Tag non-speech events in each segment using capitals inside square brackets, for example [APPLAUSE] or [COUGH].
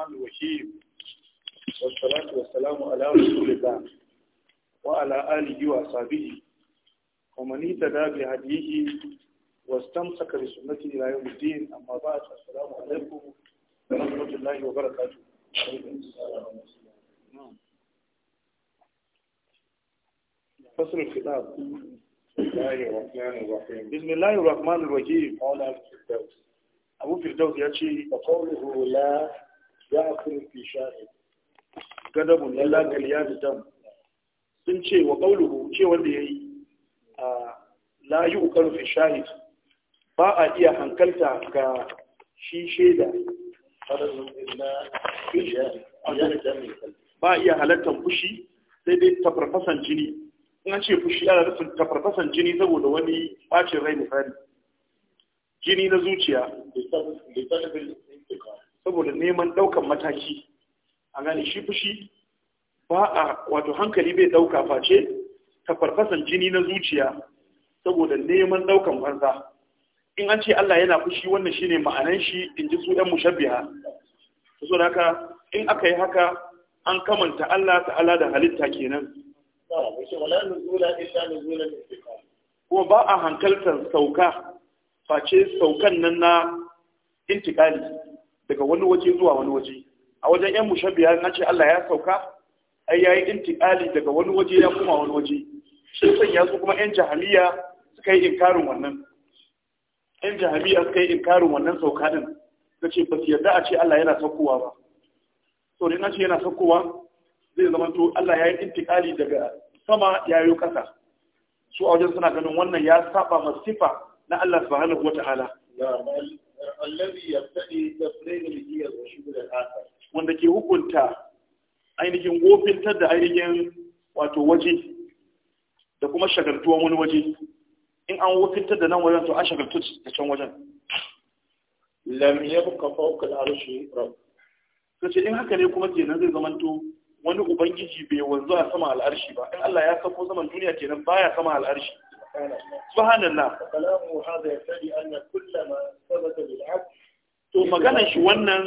الرحمن الرحيم والصلاة والسلام على رسول الله وعلى آله وأصحابه ومن اهتدى بهديه واستمسك بسنته إلى يوم الدين أما بعد السلام عليكم ورحمة الله وبركاته فصل الخطاب بسم الله الرحمن الرحيم قال أبو فردوس يا شيخ وقوله لا ya akuru fi sha'i gadabun ya galiyatu dam sun ce wa qawluhu ce wanda yayi a la yuqalu fi sha'i ba a iya hankalta ga shi shaida ba a iya halartar fushi sai dai tafarfasan jini in an ce fushi ana nufin tafarfasan jini saboda wani bacin rai misali jini na zuciya saboda neman ɗaukan mataki a gane shi fushi ba a wato hankali bai ɗauka face ta farfasan jini na zuciya saboda neman ɗaukan banza in an ce Allah yana fushi wannan shine ma'anan shi in ji su ɗan mushabbiha so da haka in aka yi haka an kamanta Allah ta'ala da halitta kenan kuma ba a hankaltar sauka face saukan nan na intikali daga wani waje zuwa wani waje a wajen yan mushabbiha na ce Allah ya sauka ai yayi intiqali daga wani waje ya kuma wani waje shi ya su kuma yan jahiliya suka yi inkarin wannan yan jahiliya suka yi inkarin wannan sauka din kace ba su yarda a ce Allah yana saukowa ba to na nace yana saukowa zai zama to Allah ya yi intiqali daga sama yayo kasa su a wajen suna ganin wannan ya saba masifa na Allah subhanahu wataala wanda ke hukunta ainihin gofintar da ainihin wato waje da kuma shagartuwa wani waje in an wofintar da nan wajen to an shagaltu da can wajen lam yabqa fawqa al-arshi rabb kace in haka ne kuma kenan zai zamanto wani ubangiji bai wanzu a sama al'arshi ba in Allah ya sako zaman duniya kenan baya sama al'arshi subhanallah kalamu to maganar shi wannan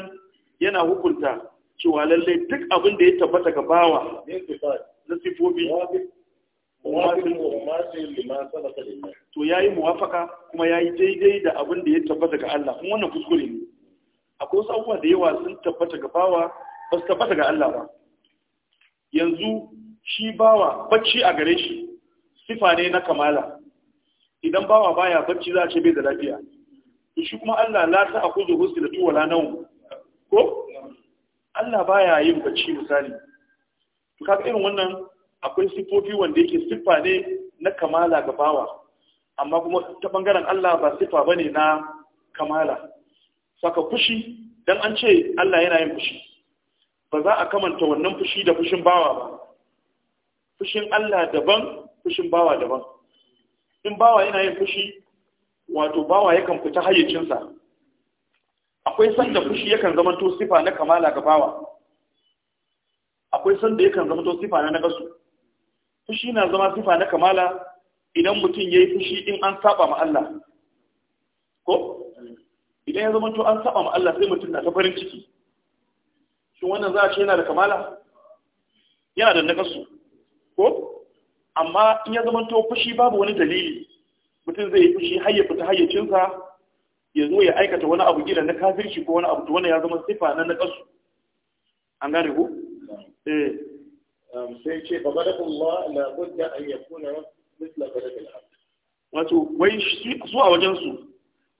yana hukunta cewa lallai duk abin da ya tabbata ga bawa na sifofi to ya yi muwafaka kuma ya yi daidai da abin da ya tabbata ga Allah kuma wannan kuskure ne akwai wasu abubuwa da yawa sun tabbata ga bawa ba su tabbata ga Allah ba yanzu shi bawa bacci a gare shi sifa ne na kamala idan bawa baya bacci za a ce bai da lafiya shi kuma Allah la ta akuzu husnatu wala nawm ko Allah baya yin bacci misali to kaga irin wannan akwai sifofi wanda yake siffa ne na kamala ga bawa amma kuma ta bangaren Allah ba ba bane na kamala saka fushi dan an ce Allah yana yin fushi ba za a kamanta wannan fushi da fushin bawa ba fushin Allah daban fushin bawa daban in bawa yana yin fushi wato bawa yakan fita hayyacinsa akwai sanda fushi yakan zama to sifa na kamala ga bawa akwai sanda yakan zama to sifa na nagasu fushi na zama sifa na kamala idan mutum ya yi fushi in an saba ma Allah ko idan ya zama to an saba ma Allah sai mutum na ta farin ciki shin wannan za a ce yana da kamala yana da nagasu ko amma in ya zama to fushi babu wani dalili mutum zai yi fushi har ya fita hayyacinsa ya zo ya aikata wani abu gida na kafirci ko wani abu to wannan ya zama sifa na kasu an gane ku eh um, sai ce fa Allah la budda an yakuna misla da wato wai su a wajen su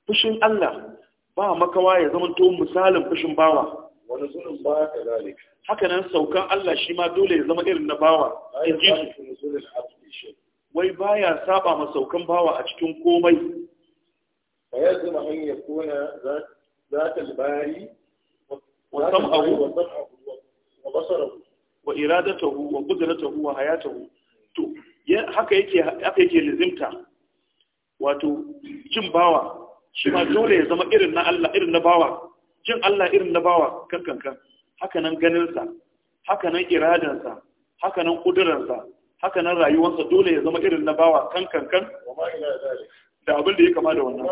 fushin Allah ba makawa ya zama to misalin fushin bawa wani zulun ba ka zalik haka nan saukan Allah shi ma dole ya zama irin na bawa in ji su wai ya saba ma saukan bawa a cikin komai fa yazma an yakuna ذات wa وسمعه وبصره وإرادته وقدرته وحياته to haka yake haka yake lizimta wato cin bawa shi ma dole ya zama irin na Allah irin na bawa jin Allah irin na bawa kankanka haka nan ganinsa haka nan iradansa haka nan ƙudurarsa haka nan rayuwarsa dole ya zama irin na bawa kankankan da abin da ya kama da wannan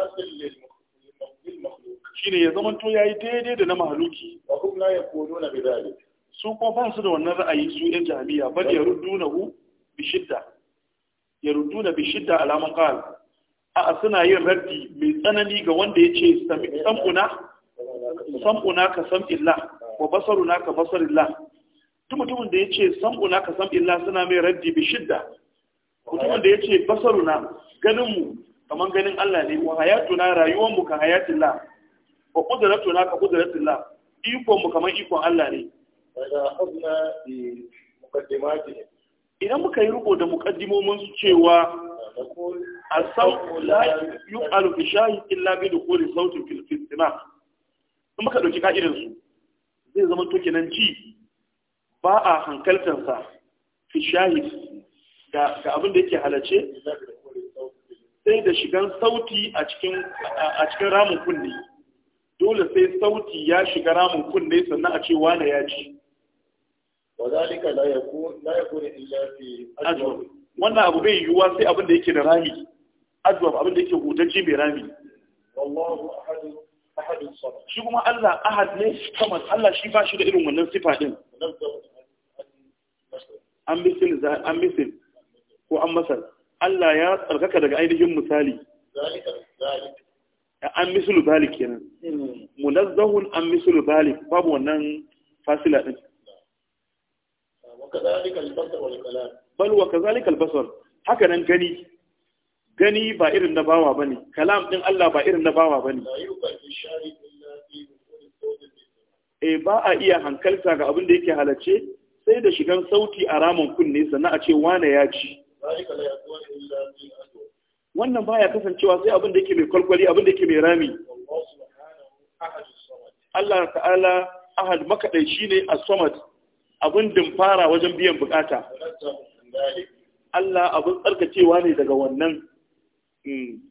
ne ya zama to yi daidai da na mahaluki su ko ba su da wannan ra'ayi su yan jami'a bal yaruddunahu bi shidda yarudduna bi shidda alaman kawai a suna yin raddi mai tsanani ga wanda ya ce samuna sam'una ka sam'illah wa basaruna ka basarillah mutumin da yace sam'una ka sam'illah suna mai raddi bi shidda mutumin da yace basaruna ganin mu kaman ganin Allah ne wa hayatuna rayuwar mu ka hayatillah wa qudratuna ka qudratillah ikon mu kaman ikon Allah ne idan muka yi riko da mukaddimomin su cewa asam la yu'alu bi shahid illa bi dukhuli sautin fil istima in muka ɗauki ka'idansu zai zama to kenan ji ba a hankaltansa fi shahid ga abin da yake halace. sai da shigan sauti a cikin ramin kunne dole sai sauti ya shiga ramin kunne sannan a ce wane ya ci wannan abu bai yiwuwa sai abin da yake da rami ajwab abin da yake hutacce mai rami shi kuma Allah ahad ne kamar Allah shi ba shi da irin wannan sifa din an misil an misil ko an masal Allah ya tsarkaka daga ainihin misali an misul zalik kenan munazzahun an misul zalik babu wannan fasila din bal wa kazalika albasar haka nan gani gani ba irin na bawa bane kalam din Allah ba irin na bawa bane eh ba a iya hankalta ga abin da yake halarci, sai da shigan sauti a ramin kunne sannan a ce wane ya ci wannan baya kasancewa sai abin da yake mai kwalkwali abin da yake mai rami Allah ta'ala ahad makaɗai shi ne a somat abin din fara wajen biyan bukata Allah abin tsarkacewa ne daga wannan hmm.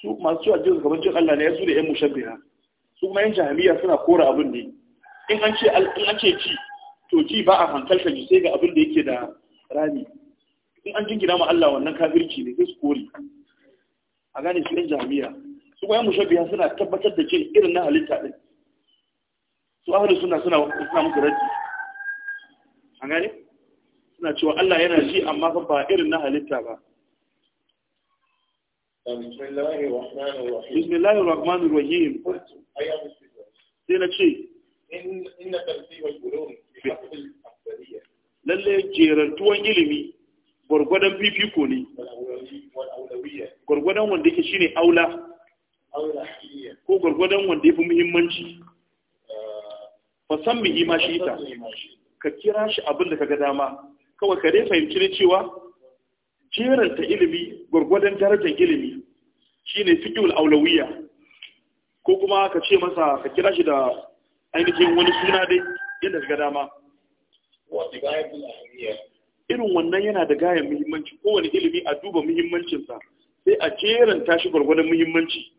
su masu cewa jin gaban jin Allah ne ya su da ‘yan mushabbiha su kuma ‘yan jahiliya suna kora abin ne in an ce ci to ci ba a hankalta ji sai ga abin da yake da rami in an jingina ma Allah wannan kafirci ne sai su kori a gane su ‘yan jahiliya su kuma suna tabbatar da jin irin na halitta din su ahlu suna suna suna musu raddi an gane suna cewa Allah yana ji amma fa ba irin na halitta ba bismillahir rahmanir rahim sai na ce ina tartibul ulum bi lalle jerantuwan ilimi gwargwadon fifiko ne gwargwadon wanda yake shine aula ko gwargwadon wanda ya fi muhimmanci mai ima shi ita ka kira shi abin da ka ga dama kawai ka dai fahimci ne cewa jeranta ilimi gwargwadon darajar ilimi shi ne fiqhul aulawiyya ko kuma ka ce masa ka kira shi da ainihin wani suna dai yadda ka ga dama irin wannan yana da gayan muhimmanci kowane ilimi a duba muhimmancinsa sai a jeranta shi gwargwadon muhimmanci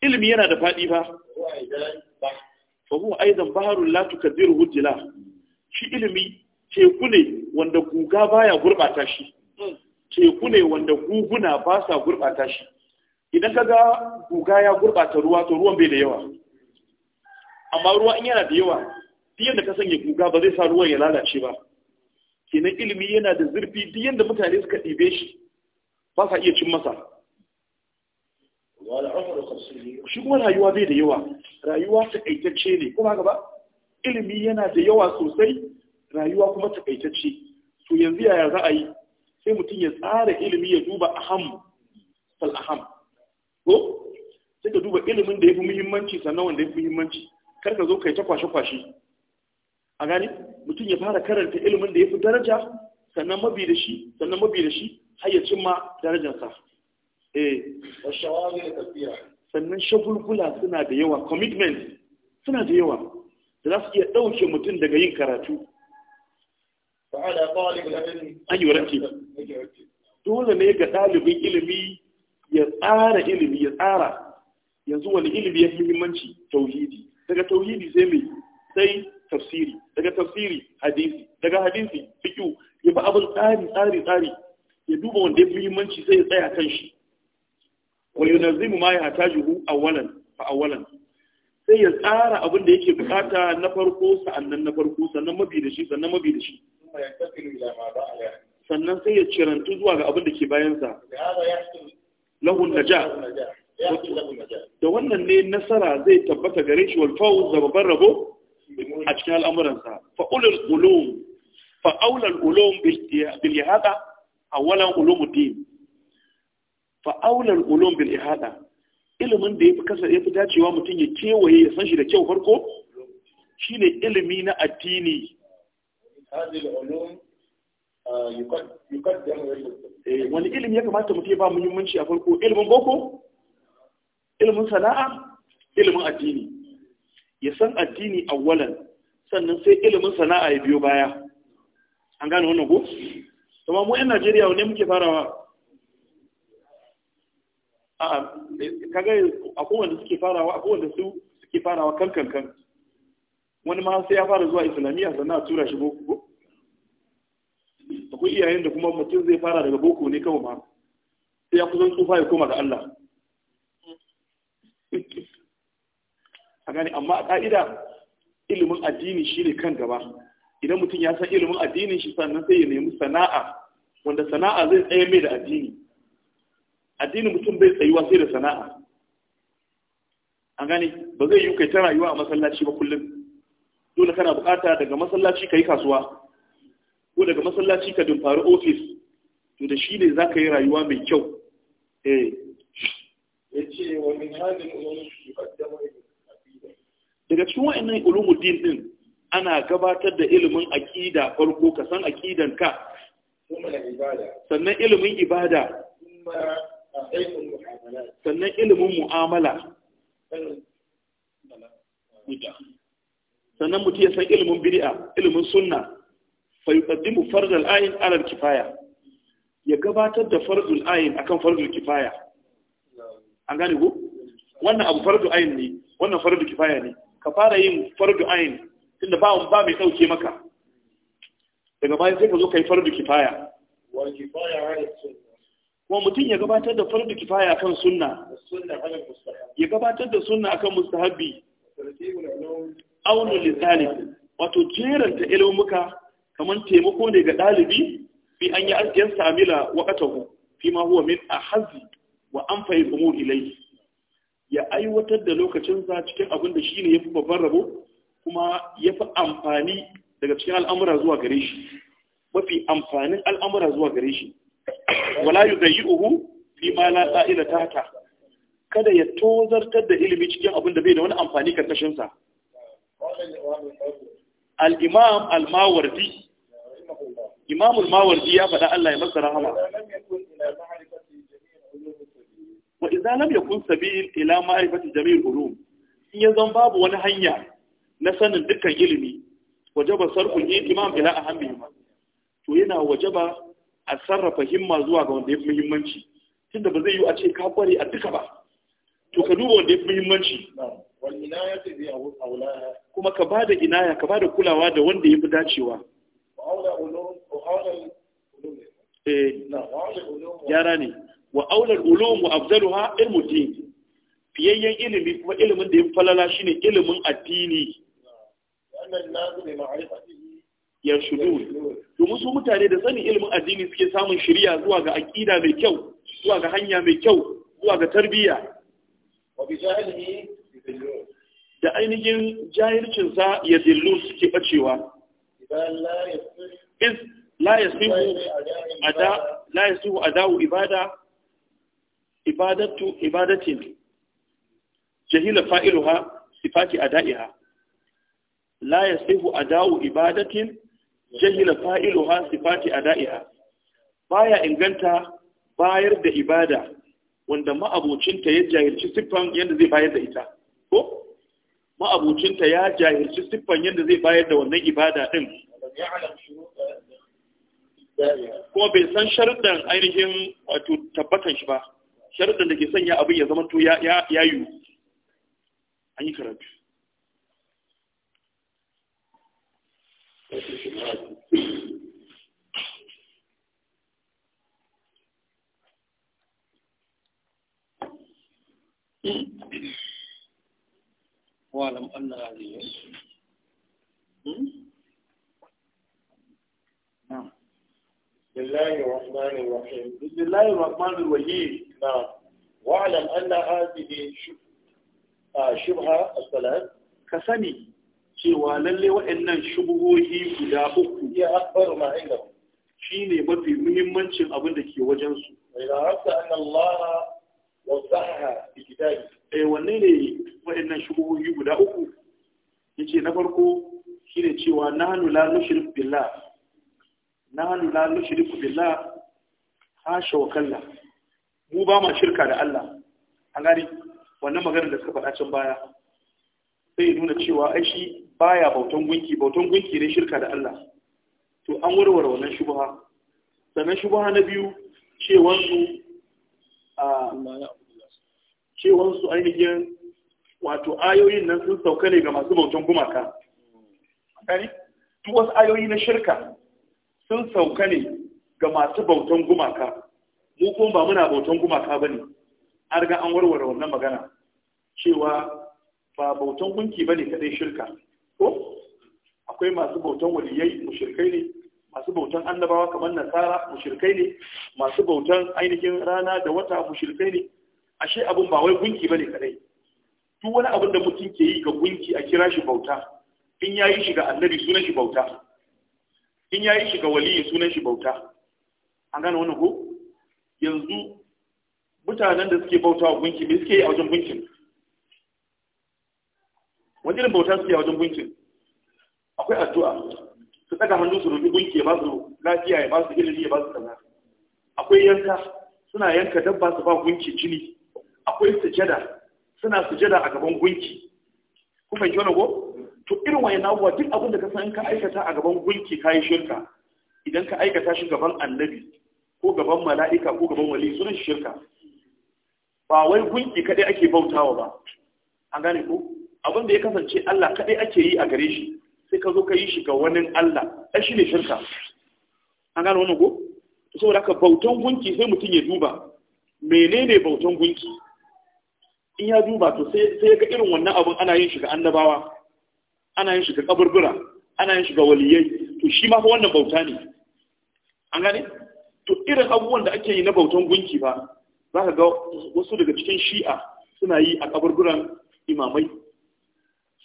ilimi yana da faɗi ba fa huwa aidan baharul la tukadiruhu shi ilimi teku ne wanda guga baya gurbata shi hmm. teku ne wanda guguna ba sa gurbata shi idan kaga guga ya gurbata ruwa to ruwan bai da yawa amma ruwa in yana da yawa duk yadda ka sanya guga ba zai sa ruwan ya lalace ba kenan ilimi yana da zurfi duk yadda mutane suka ɗibe shi ba sa iya cin masa shi kuma rayuwa bai da yawa rayuwa takaitacce ne kuma gaba ilimi yana da yawa sosai rayuwa kuma takaitacce to yanzu yaya za a yi sai mutum ya tsara ilimi ya duba aham fal aham ko sai ka duba ilimin da ya fi muhimmanci sannan wanda ya fi muhimmanci kar ka zo kai ta kwashe-kwashe a gani mutum ya fara karanta ilimin da ya fi daraja sannan mabi da shi sannan mabi da shi har ya cimma darajarsa Eh. sannan shagulgula suna da yawa commitment suna da yawa da za su iya ɗauke mutum daga yin karatu dole ne ga ɗalibin ilimi ya tsara ilimi ya tsara yanzu wani ilimi ya fi muhimmanci tauhidi daga tauhidi sai mai sai tafsiri daga tafsiri hadisi daga hadisi fiƙi ya ba abin tsari tsari tsari ya duba wanda ya fi muhimmanci sai ya tsaya kan shi wa yunazzimu ma yahtajuhu awwalan fa awwalan sai ya tsara abin da yake bukata na farko sa'annan na farko sannan mabi da shi sannan mabi da shi sannan sai ya cirantu zuwa ga abin da ke bayansa lahun ja. da wannan ne nasara zai tabbata gare shi wal fawz da babban rabo a cikin al'amuransa fa ulul ulum fa aulal ulum bil yahada awalan ulumuddin fa aulal ulum bil ihada ilimin da yafi kasa yafi dacewa mutum ya kewaye ya san shi da kyau farko shine ilimi na addini uh, eh, wani ilimi ya kamata mutum ya ba muhimmanci a farko ilimin boko ilimin sana'a ilimin addini ya san addini awwalan sannan sai ilimin sana'a ya biyo baya an gane wannan ko? Tama mu 'yan Najeriya wane muke farawa kaga akwai suke farawa akwai wanda su suke farawa kan kan kan wani ma sai ya fara zuwa islamiyya sannan a tura shi boko akwai iyayen da kuma mutum zai fara daga boko ne kawai ma sai ya kusan tsufa ya koma ga Allah a gani amma a ƙa'ida ilimin addini shi ne kan gaba idan mutum ya san ilimin addini shi sannan sai ya nemi sana'a wanda sana'a zai tsaye mai da addini addinin mutum bai tsayuwa sai da sana'a an gane ba zai yi kai ta rayuwa a masallaci ba kullum dole kana bukata daga masallaci ka yi kasuwa ko daga masallaci ka dumfari ofis to da shi ne za ka yi rayuwa mai kyau eh. daga cikin wa'annan ulumuddin din ana gabatar da ilimin aƙida farko ka san aƙidan ka sannan ilimin ibada sannan ilimin mu'amala sannan mutu ya san ilimin biri'a ilimin sunna fa mu fardar ayin alar kifaya ya gabatar da fardun ayin akan fardun kifaya an gane ku, wannan abu fardu ayin ne wannan fardun kifaya ne ka fara yin fardun ayin tunda ba ba mai dauke maka daga bayan sai ka zo kai fardu kifaya kifaya sunna Wa mutum ya gabatar da fardu kifaya kan sunna ya gabatar da sunna akan mustahabbi aunu litalib wato ta ilomuka kamar taimako ne ga ɗalibi, fi an yi arziyar samila waqatahu fi ma huwa min ahazzi wa anfa'i kuma ilai ya aiwatar da lokacinsa cikin abin da shi ne ya fi babban rabo kuma ya fi amfani daga cikin al'amura zuwa gare shi mafi amfanin al'amura zuwa gare shi wala yudayyuhu fi ma la sa'ila tahta kada ya tozartar da ilimi cikin abin da bai da wani amfani karkashin sa al-imam al-mawardi imam al-mawardi ya faɗa Allah ya masa rahama wa idza lam yakun sabil ila ma'rifati jami'il ulum in zan babu wani hanya na sanin dukkan ilimi wajaba sarfu imam ila ahammi to yana wajaba a sarrafa himma zuwa ga wanda ya fi muhimmanci tunda ba zai yi a ce ka kware a duka ba to ka duba wanda ya fi muhimmanci kuma ka ba da inaya ka ba da kulawa da wanda ya fi dacewa eh. yara ne wa aular ulumu ha ilmu din fiyayyen ilimi kuma ilimin da ya falala shine ilimin addini wannan ya shudu domin su mutane da sanin ilimin addini suke samun shirya zuwa ga aƙida mai kyau zuwa ga hanya mai kyau zuwa ga tarbiyya da ainihin jahilcinsa ya dillu suke bacewa la yasihu adawu ibada ibadatu ibadatin jahila fa'iluha sifati adaiha la a dawo ibadatin jahila fa'iluha sifati ada'iha baya inganta bayar da ibada wanda ma'abocinta ya jahilci siffan yadda zai bayar da ita ko ma'abocinta ya jahilci siffan yadda zai bayar da wannan ibada din kuma bai san sharuddan ainihin wato tabbatan shi ba sharuddan da ke sanya abin ya zama to ya ya an yi karatu واعلم أن هذه بسم الله الرحمن الرحيم بسم الله الرحمن الرحيم نعم واعلم أن هذه شبهة الثلاث كسني cewa lalle waɗannan shubuhohi guda uku ya akbar ma inda shine mafi muhimmancin abin da ke wajen su ila hasa anna وضعها في كتابه eh wanne ne waɗannan shubuhohi guda uku yace na farko shine cewa nahnu la nushriku billah nahnu la nushriku billah hasha wa kalla mu ba ma shirka da Allah an gani wannan maganar da suka faɗa can baya sai nuna cewa ai shi baya bautan gunki bautan gunki ne shirka da Allah to an warware wannan shubuha sannan shubuha na biyu cewansu a cewansu ainihin wato ayoyin nan sun sauka ne ga masu bautan gumaka gani duk wasu ayoyi na shirka sun sauka ne ga masu bautan gumaka mu kuma ba muna bautan gumaka ba ne an riga an warware wannan magana cewa ba bautan gunki ba ne kadai shirka ko akwai masu bautan waliyai shirkai ne masu bautan annabawa kamar nasara mu shirkai ne masu bautan ainihin rana da wata mu shirkai ne ashe abin ba wai gunki bane kadai duk wani abin da mutum ke yi ga gunki a kira shi bauta in yayi shi ga annabi sunan shi bauta in yayi shi ga waliyi sunan shi bauta an gane wannan ko yanzu mutanen da suke bauta wa gunki me suke yi a wajen gunkin wani irin bauta suke a wajen gunkin akwai addu'a su daga hannu su rubi gunki ya ba su lafiya ya ba su ilimi ya ba su kaza akwai yanka suna yanka dabba su ba gunki jini akwai sujada suna sujada a gaban gunki ku fahimci wani ko to irin wayan abubuwa duk abin da ka san ka aikata a gaban gunki ka yi shirka idan ka aikata shi gaban annabi ko gaban mala'ika ko gaban wali sunan shirka ba wai gunki kadai ake bautawa ba an gane ko abin da ya kasance Allah kadai ake yi a gare shi sai ka zo ka yi shi ga wani Allah ɗan shi ne shirka an gane wani ko saboda ka bautan gunki sai mutum ya duba menene bautan gunki in ya duba to sai ga irin wannan abin ana yin shiga annabawa ana yin shiga kaburbura ana yin shiga waliyai to shi ma fa wannan bauta ne an gane to irin abubuwan da ake yi na bautan gunki ba za ka ga wasu daga cikin shi'a suna yi a kaburburan imamai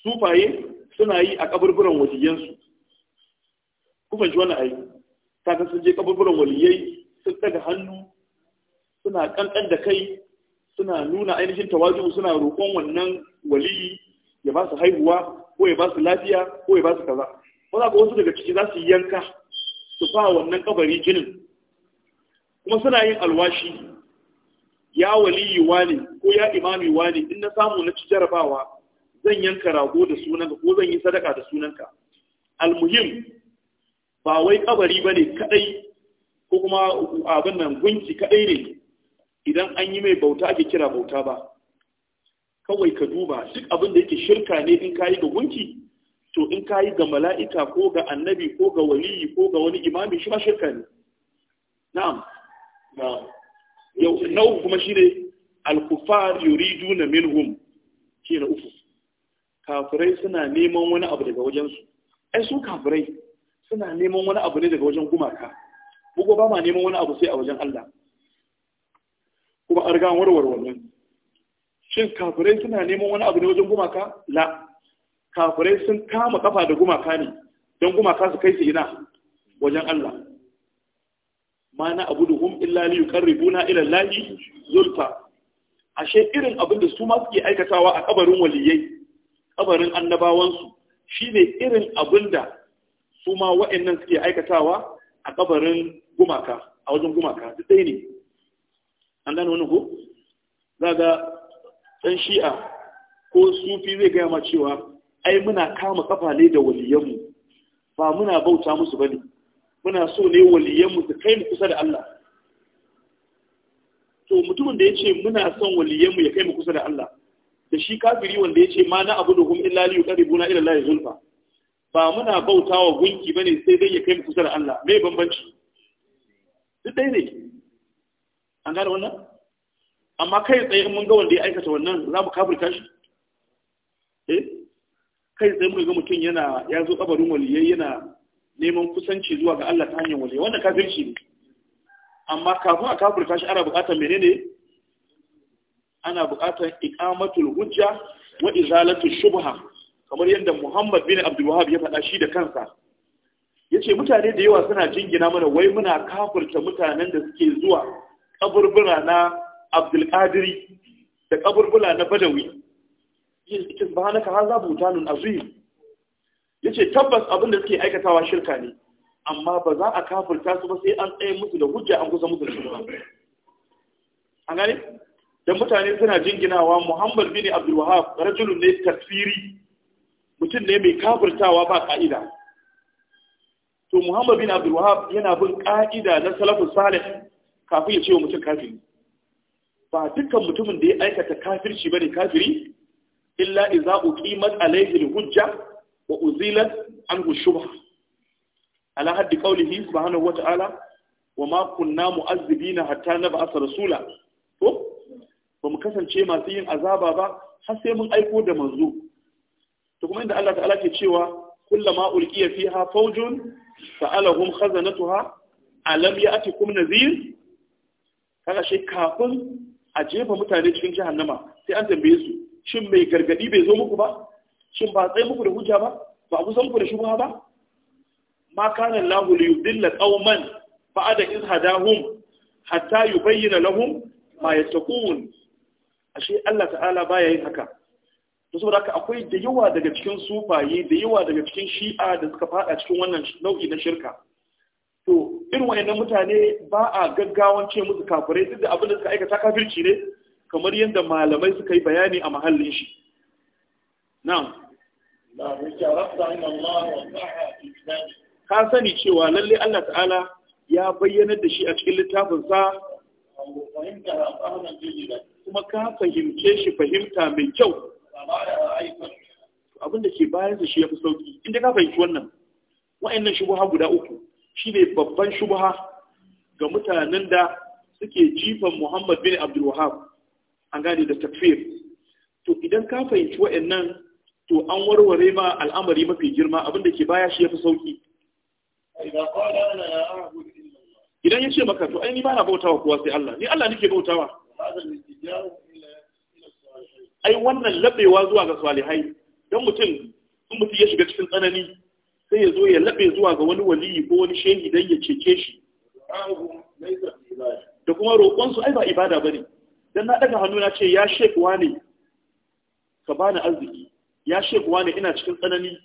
sufaye suna yi a kaburburan waliyansu kuma ji wannan ayi ta sun je kaburburan waliyai sun daga hannu suna kankan da kai suna nuna ainihin tawaju suna roƙon wannan waliyi ya ba su haihuwa ko ya ba su lafiya ko ya ba su kaza ko za wasu daga ciki za su yanka su fa wannan kabari jinin kuma suna yin alwashi ya waliyi wani ko ya imami wani in na samu na ci jarabawa zan yanka rago da sunanka ko zan yi sadaka da sunanka almuhim ba wai kabari bane kadai ko kuma abin nan gunki kadai ne idan an yi mai bauta ake kira bauta ba kawai ka duba duk abin da yake shirka ne in kayi ga gunki to in kayi ga mala'ika ko ga annabi ko ga waliyi ko ga wani imami shi ma shirka ne na'am yau nau kuma shine al-kufar yuriduna minhum kina uku kafirai suna neman wani abu daga wajensu ai su kafirai suna neman wani abu ne daga wajen gumaka bugo ba ma neman wani abu sai a wajen Allah kuma an riga warware wannan shin kafirai suna neman wani abu ne wajen gumaka la kafirai sun kama kafa da gumaka ne don gumaka su kai su ina wajen Allah ma na abu da hum illa li yuqarribuna ila Allahi zulfa ashe irin abin da su ma suke aikatawa a kabarin waliyai kabarin annabawansu shine irin abin da su ma wa'annan suke aikatawa a kabarin gumaka a wajen gumaka duk dai ne an gane wani ko za ga ɗan shi'a ko sufi zai gaya ma cewa ai muna kama kafa ne da waliyanmu ba muna bauta musu ba ne muna so ne waliyanmu su kai mu kusa da Allah to mutumin da ya ce muna son waliyanmu ya kai mu kusa da Allah da shi kafiri wanda ya ce ma na abu da kuma illa liyu ƙari buna ila zulfa ba muna bauta wa gunki ba ne sai dai ya kai mu kusa da Allah mai bambanci duk dai ne an gane wannan amma kai tsaye mun ga wanda ya aikata wannan za mu kafirta shi eh kai tsaye mun ga mutum yana ya zo kabarin waliyai yana neman kusanci zuwa ga Allah ta hanyar waliyai wannan kafirci ne amma kafin a kafirta shi ana buƙatar menene ana buƙatar iqamatul hujja wa izalatu shubha kamar yadda Muhammad bin Abdul Wahhab ya faɗa shi da kansa yace mutane da yawa suna jingina mana wai muna kafirta mutanen da suke zuwa ƙaburbura na abdulkadiri da ƙaburbura na badawi yin yake subhanaka a butanun Ya ce tabbas abin da suke aikatawa shirka ne amma ba za a kafurta su ba sai an tsaye musu da hujja an kusa musu da shirka an gane da mutane suna jinginawa Muhammad bin abdulwahab rajulun ne mutum ne mai kafurtawa ba ka'ida to Muhammad bin Abdul yana bin ƙa'ida na salafus salih kafin ya ce wa mutum kafiri ba dukkan mutumin da ya aikata kafirci bane kafiri illa idza uqimat alayhi al-hujja wa uzilat anhu shubha ala haddi qawlihi subhanahu wa ta'ala wa ma kunna mu'azzibina hatta nab'atha rasula to ba mu kasance masu yin azaba ba har sai mun aiko da manzo to kuma inda Allah ta'ala ke cewa kullama ulqiya fiha fawjun sa'alahum khazanatuha alam ya'tikum nadhir kaga shi kafin a jefa mutane cikin jahannama sai an tambaye su shin mai gargadi bai zo muku ba shin ba tsaye muku da hujja ba ba ku san ku da shubha ba ma kana lahu li yudilla qauman fa ada izhadahum hatta yubayyana lahum ma yattaqun ashe Allah ta'ala baya yin haka to saboda haka akwai da yawa daga cikin sufaye da yawa daga cikin shi'a da suka fada cikin wannan nau'i na shirka to irin wayannan mutane ba a gaggawan ce musu kafirai duk da abin da suka aikata kafirci ne kamar yadda malamai suka yi bayani a mahallin shi na'am ka sani cewa lalle Allah ta'ala ya bayyana da shi a cikin littafinsa kuma ka fahimce shi fahimta mai kyau abinda ke bayan shi ya fi sauki inda ka fahimci wannan wa'annan shi guda uku Shi ne babban shubha ga mutanen da suke jifan Muhammad bin Abdul Wahab an gane da takfir to idan ka fahimci wa'annan to an warware ma al'amari mafi girma abinda ke baya shi yafi sauki idan ya ce maka to ai ni ba na bautawa kowa sai Allah ni Allah nake bautawa ai wannan labewa zuwa ga salihai don mutum in mutum ya shiga cikin tsanani sai ya zo ya labe zuwa ga wani waliyi ko wani shehi dan ya cece shi da kuma roƙon su ai ba ibada bane dan na daga hannu na ce ya shek wani ka bani arziki ya shek wani ina cikin tsanani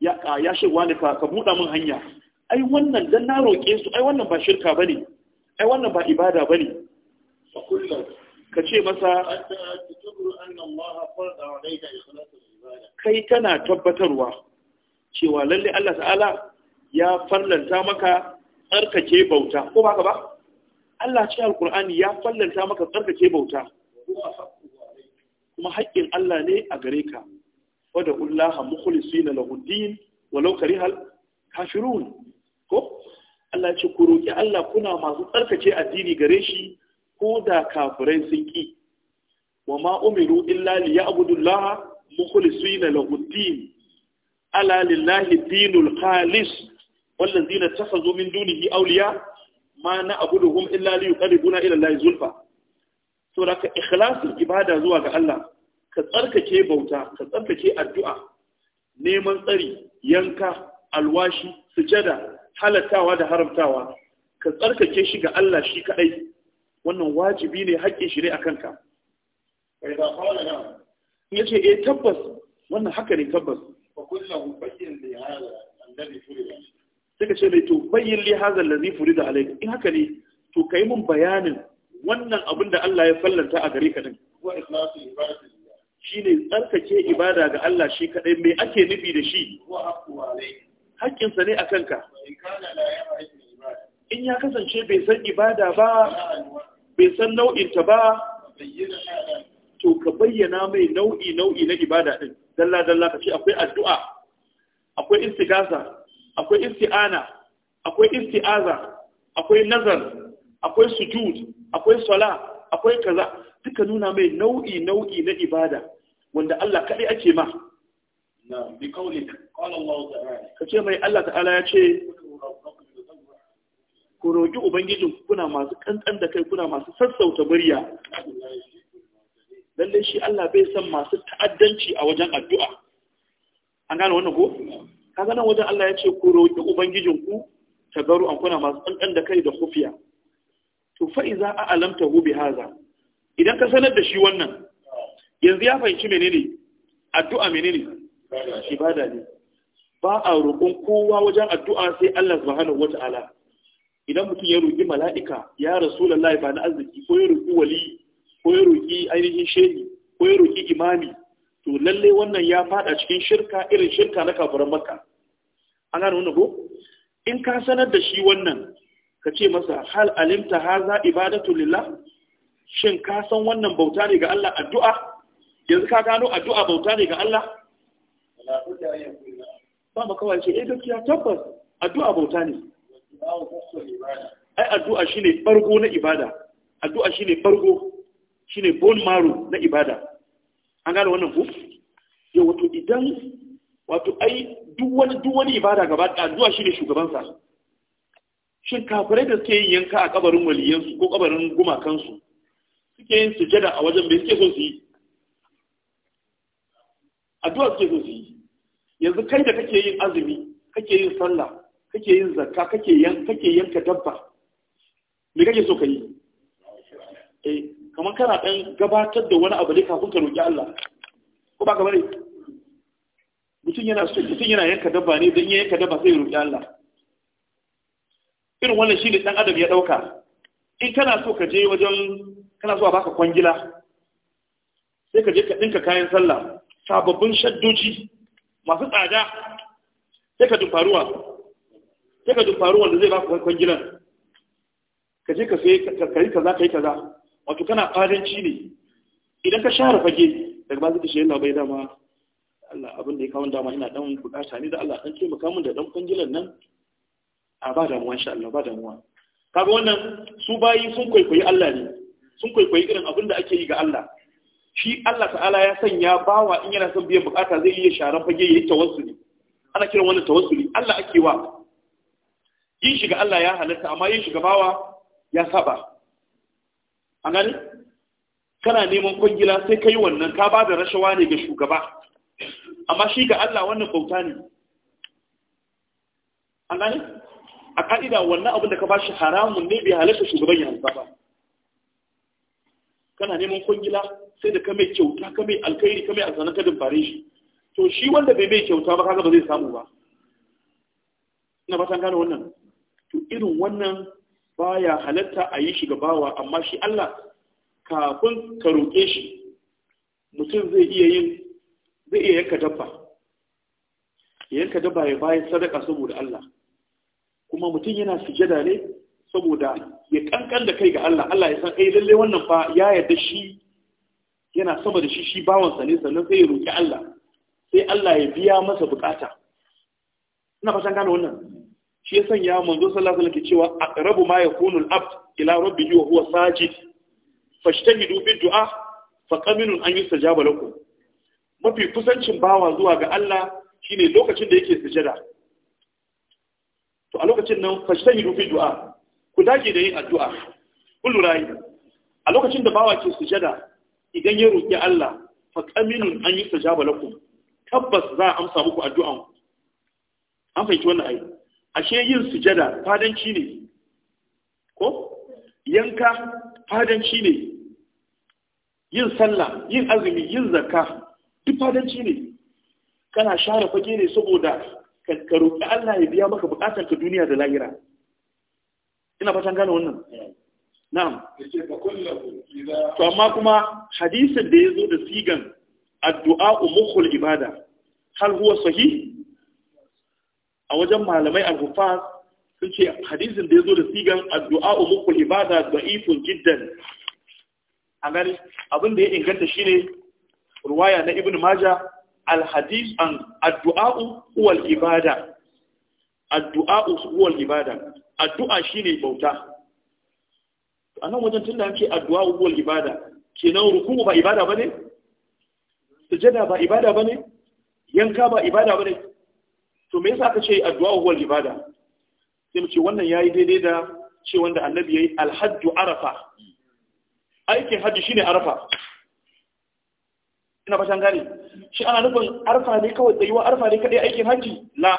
ya ya shek wani ka ka buɗa min hanya ai wannan dan na roƙe su ai wannan ba shirka bane ai wannan ba ibada bane ka ce masa kai kana tabbatarwa cewa lalle Allah ta'ala ya farlanta maka tsarkake bauta ko ba ka ba Allah ce alkur'ani ya fallanta maka tsarkake bauta kuma haƙƙin Allah ne a gare ka wadda ullaha mukhlisina lahu din walau karihal kafirun ko Allah ce ku roki Allah kuna masu tsarkake addini gare shi ko da kafirai sun ki wa ma umiru illa liya'budu Allah mukhlisina lahu din ala lillahi dinul khalis wallazina tafazu min dunihi awliya ma na abuduhum illa li yuqarribuna ila allahi zulfa to da ka ikhlasul ibada zuwa ga Allah ka tsarkake bauta ka tsarkake addu'a neman tsari yanka alwashi sujada halartawa da haramtawa ka tsarkake shi ga Allah shi kaɗai. wannan wajibi ne haƙƙin shi ne a kanka yace eh tabbas wannan haka ne tabbas kullahu bayyin li hadha alladhi furida suka ce mai to bayyin li hadha alladhi furida alayka in haka ne to kai mun bayanin wannan abin da Allah ya fallanta a gare ka din wa ikhlasu ibadati shine tsarkake ibada ga Allah shi kadai me ake nufi da shi wa haqqu alayka haƙƙinsa ne a kanka in ya kasance bai san ibada ba bai san nau'inta ba to ka bayyana mai nau'i nau'i na ibada din. dalla dalla ka ce akwai addu'a akwai istigaza, akwai isti'ana akwai isti'aza akwai nazar akwai sujud akwai sala akwai kaza duka nuna mai nau'i nau'i na ibada wanda Allah kaɗai ake ma na bi mai Allah ta'ala ya ce ku roƙi ubangijin kuna masu ƙanƙan da kai kuna masu sassauta murya lallai shi Allah bai san masu ta'addanci a wajen addu'a an gane wannan ko kaga nan wajen Allah ya ce ku roƙi ubangijinku garu an kuna masu tsantsan da kai da kufiya to fa iza hu bi haza idan ka sanar da shi wannan yanzu ya fahimci menene addu'a menene ibada ne ba a roƙon kowa wajen addu'a sai Allah subhanahu wata'ala idan mutum ya roƙi mala'ika ya rasulullahi ba na arziki ko ya roƙi wali ko ya roƙi ainihin shehi ko ya roƙi imami to lalle wannan ya fada cikin shirka irin shirka na kafiran makka an gano wannan ko in ka sanar da shi wannan ka ce masa hal alimta haza ibadatu lillah shin ka san wannan bauta ne ga Allah addu'a yanzu ka gano addu'a bauta ne ga Allah ba maka ce eh gaskiya tabbas addu'a bauta ne ai addu'a shine farko na ibada addu'a shine farko ne bone marrow na ibada an gane wannan ku yau wato idan wato ai duwani ibada gaba da zuwa shine ne shugabansa shin kafirai da suke yin yanka a kabarin waliyansu ko kabarin gumakansu suke yin sujada a wajen bai suke so su yi addu'a suke so su yi yanzu kai da kake yin azumi kake yin sallah kake yin zakka kake yanka dabba me kake so ka yi eh, kamar kana ɗan gabatar da wani abu ne kafin ka roƙi Allah ko ba ka mutum yana so mutum yana yanka dabba ne don ya yanka dabba sai ya roƙi Allah irin wannan shi ne ɗan adam ya ɗauka in kana so ka je wajen kana so a baka kwangila sai ka je ka ɗinka kayan sallah sababbin shaddoji masu tsada sai ka dumfaruwa sai ka dumfaruwa da zai baka kwangilan ka je ka sai ka yi kaza ka yi kaza wato kana fadanci ne idan ka share fage daga ba zai shi yana bai dama Allah abin da ya kawo dama ina dan bukata ne da Allah dan ce min da dan kungilan nan a ba damuwa insha Allah ba damuwa kaga wannan su bayi sun kwaikwayi Allah ne sun kwaikwayi irin abin da ake yi ga Allah shi Allah ta'ala ya sanya bawa in yana son biyan bukata zai iya sharan fage wasu tawassuli ana kiran wannan tawassuli Allah ake wa yin shiga Allah ya halatta amma yin shiga bawa ya saba an gani kana neman kwangila sai ka yi wannan ka ba da rashawa ne ga shugaba amma shi ga Allah wannan bauta ne an gani a ka'ida wannan abin da ka ba shi haramun ne bai halarta shugaban ya ba kana neman kwangila sai da ka mai kyauta ka mai alkhairi ka mai alsanar ka dumfare shi to shi wanda bai mai kyauta ba kaga ba zai samu ba ina fatan gane wannan to irin wannan baya halatta a yi shi gabawa bawa amma shi Allah kafin ka roƙe shi mutum zai iya yin zai iya yanka dabba ya yanka dabba ya bayan sadaka saboda Allah kuma mutum yana sujada ne saboda ya kankan da kai ga Allah Allah ya san ai eh, lalle wannan fa ya yarda shi yana sama da shi shi bawansa ne sannan sai ya roƙi Allah sai Allah ya biya masa bukata ina fatan gane wannan shi ya sanya manzo sallallahu alaihi wasallam cewa aqrabu ma yakunu al-abd ila rabbihi wa huwa sajid fashtahidu bi du'a fa qaminu an yustajaba lakum mafi kusancin bawa zuwa ga Allah shine lokacin da yake sujada to a lokacin nan fashtahidu bi du'a ku dage da yin addu'a kullu Rayi. a lokacin da bawa ke sujada idan ya roki Allah fa qaminu an yustajaba lakum tabbas za a amsa muku addu'an an fahimci wannan ayi ashe yin sujada fadanci ne ko yanka fadanci ne yin sallah yin azumi yin zakka duk fadanci ne kana share fage ne saboda ka roƙi Allah ya biya maka bukatar ka duniya da lahira ina fatan gane wannan na'am to amma kuma hadisin da yazo da sigan addu'a mukhul ibada hal huwa sahih a wajen malamai al rufas sun ce hadisin da ya zo da sigan addu'a umukul ibada da ifun jiddan a gani abin da ya inganta shi ne ruwaya na ibn maja al-hadis an addu'a uwal ibada addu'a uwal ibada addu'a shine bauta a nan wajen tun da ce addu'a uwal ibada kenan rukunu ba ibada ba ne? sujada ba ibada ba ne? yanka ba ibada ba ne? to me yasa aka ce addu'a huwal ibada sai mu ce wannan yayi daidai da ce wanda annabi yayi alhajju arafa aikin haji shine arafa ina fashan gane shi ana nufin arfa ne kawai tsayuwa arfa ne kadai aikin haji la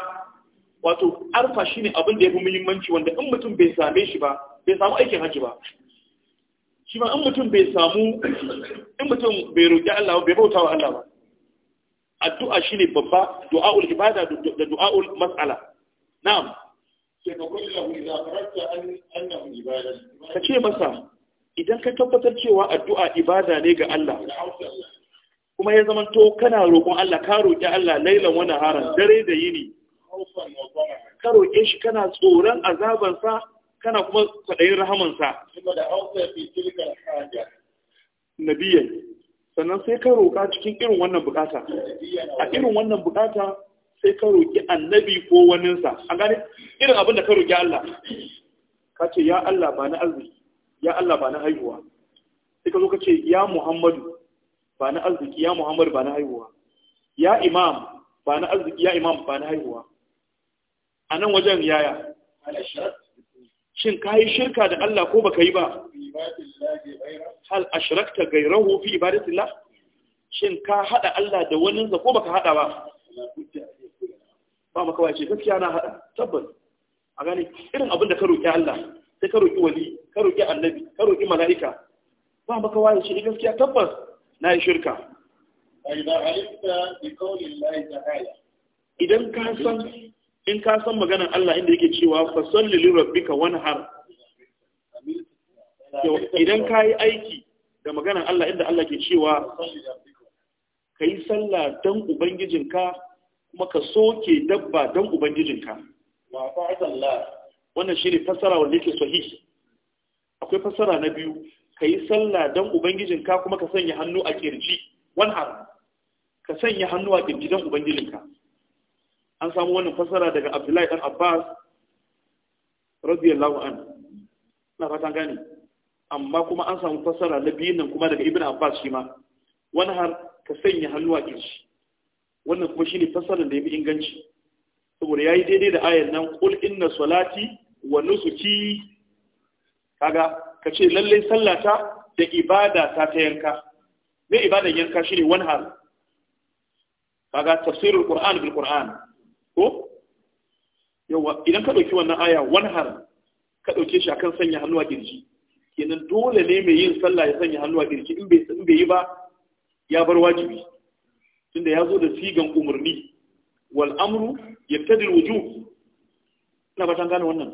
wato arfa shine abin da yafi muhimmanci wanda in mutum bai same shi ba bai samu aikin haji ba shi ma in mutum bai samu in mutum bai roƙi Allah bai bauta wa Allah ba addu'a shine babba du'aul ibada da du'aul mas'ala na'am ka ce masa idan ka tabbatar cewa addu'a ibada ne ga Allah kuma ya zama to kana roƙon Allah ka roƙi Allah lailan wani haran dare da yini ka roƙe shi kana tsoron azabansa kana kuma kwaɗayin rahamansa nabiyan sannan sai ka roƙa cikin irin wannan bukata a irin wannan bukata sai ka roƙi annabi ko waninsa a gane irin abin da ka roƙi Allah ka ce ya Allah ba na arziki ya Allah ba na haihuwa sai ka zo ka ce ya Muhammadu ba na arziki ya Muhammadu ba na haihuwa ya imam ba na arziki ya imam ba na haihuwa a nan wajen yaya shin ka yi shirka da Allah ko baka yi ba hal ashrakta gairahu fi ibadatillah shin ka hada Allah da wani za ko baka hada ba ba maka wace gaskiya na hada tabbas a gane irin abin da ka roki Allah sai ka roki wali ka roki annabi ka roki mala'ika ba maka wace gaskiya tabbas na yi shirka idan ka san in ka san maganar Allah inda yake cewa fa salli li rabbika wanhar idan ka yi aiki da maganar Allah inda Allah ke cewa ka yi sallah don ubangijinka kuma ka soke dabba don ubangijinka wannan shi ne fassara wanda yake sahihi akwai fassara na biyu ka yi sallah don ubangijinka kuma ka sanya hannu a kirji wanhar ka sanya hannu a kirji don ubangijinka an samu wannan fasara daga abdullahi dan abbas radiyallahu an na fatan gani amma kuma an samu fasara na biyun nan kuma daga ibn abbas shi ma wani har ka sanya hannu a kirshi wannan kuma shine fasaran da ya fi inganci saboda ya yi daidai da ayar nan qul inna salati wa nusuki kaga ka ce lallai sallata da ibada ta ta yanka me ibadan yanka shine wani har kaga tafsirul qur'an bil qur'an ko yawa idan ka ɗauki wannan aya wani har ka ɗauke shi akan sanya hannu a kirji kenan dole ne mai yin sallah ya sanya hannu a kirji in bai in bai yi ba ya bar wajibi tunda ya zo da sigan umarni wal amru yaktadil wujub ina ba gane wannan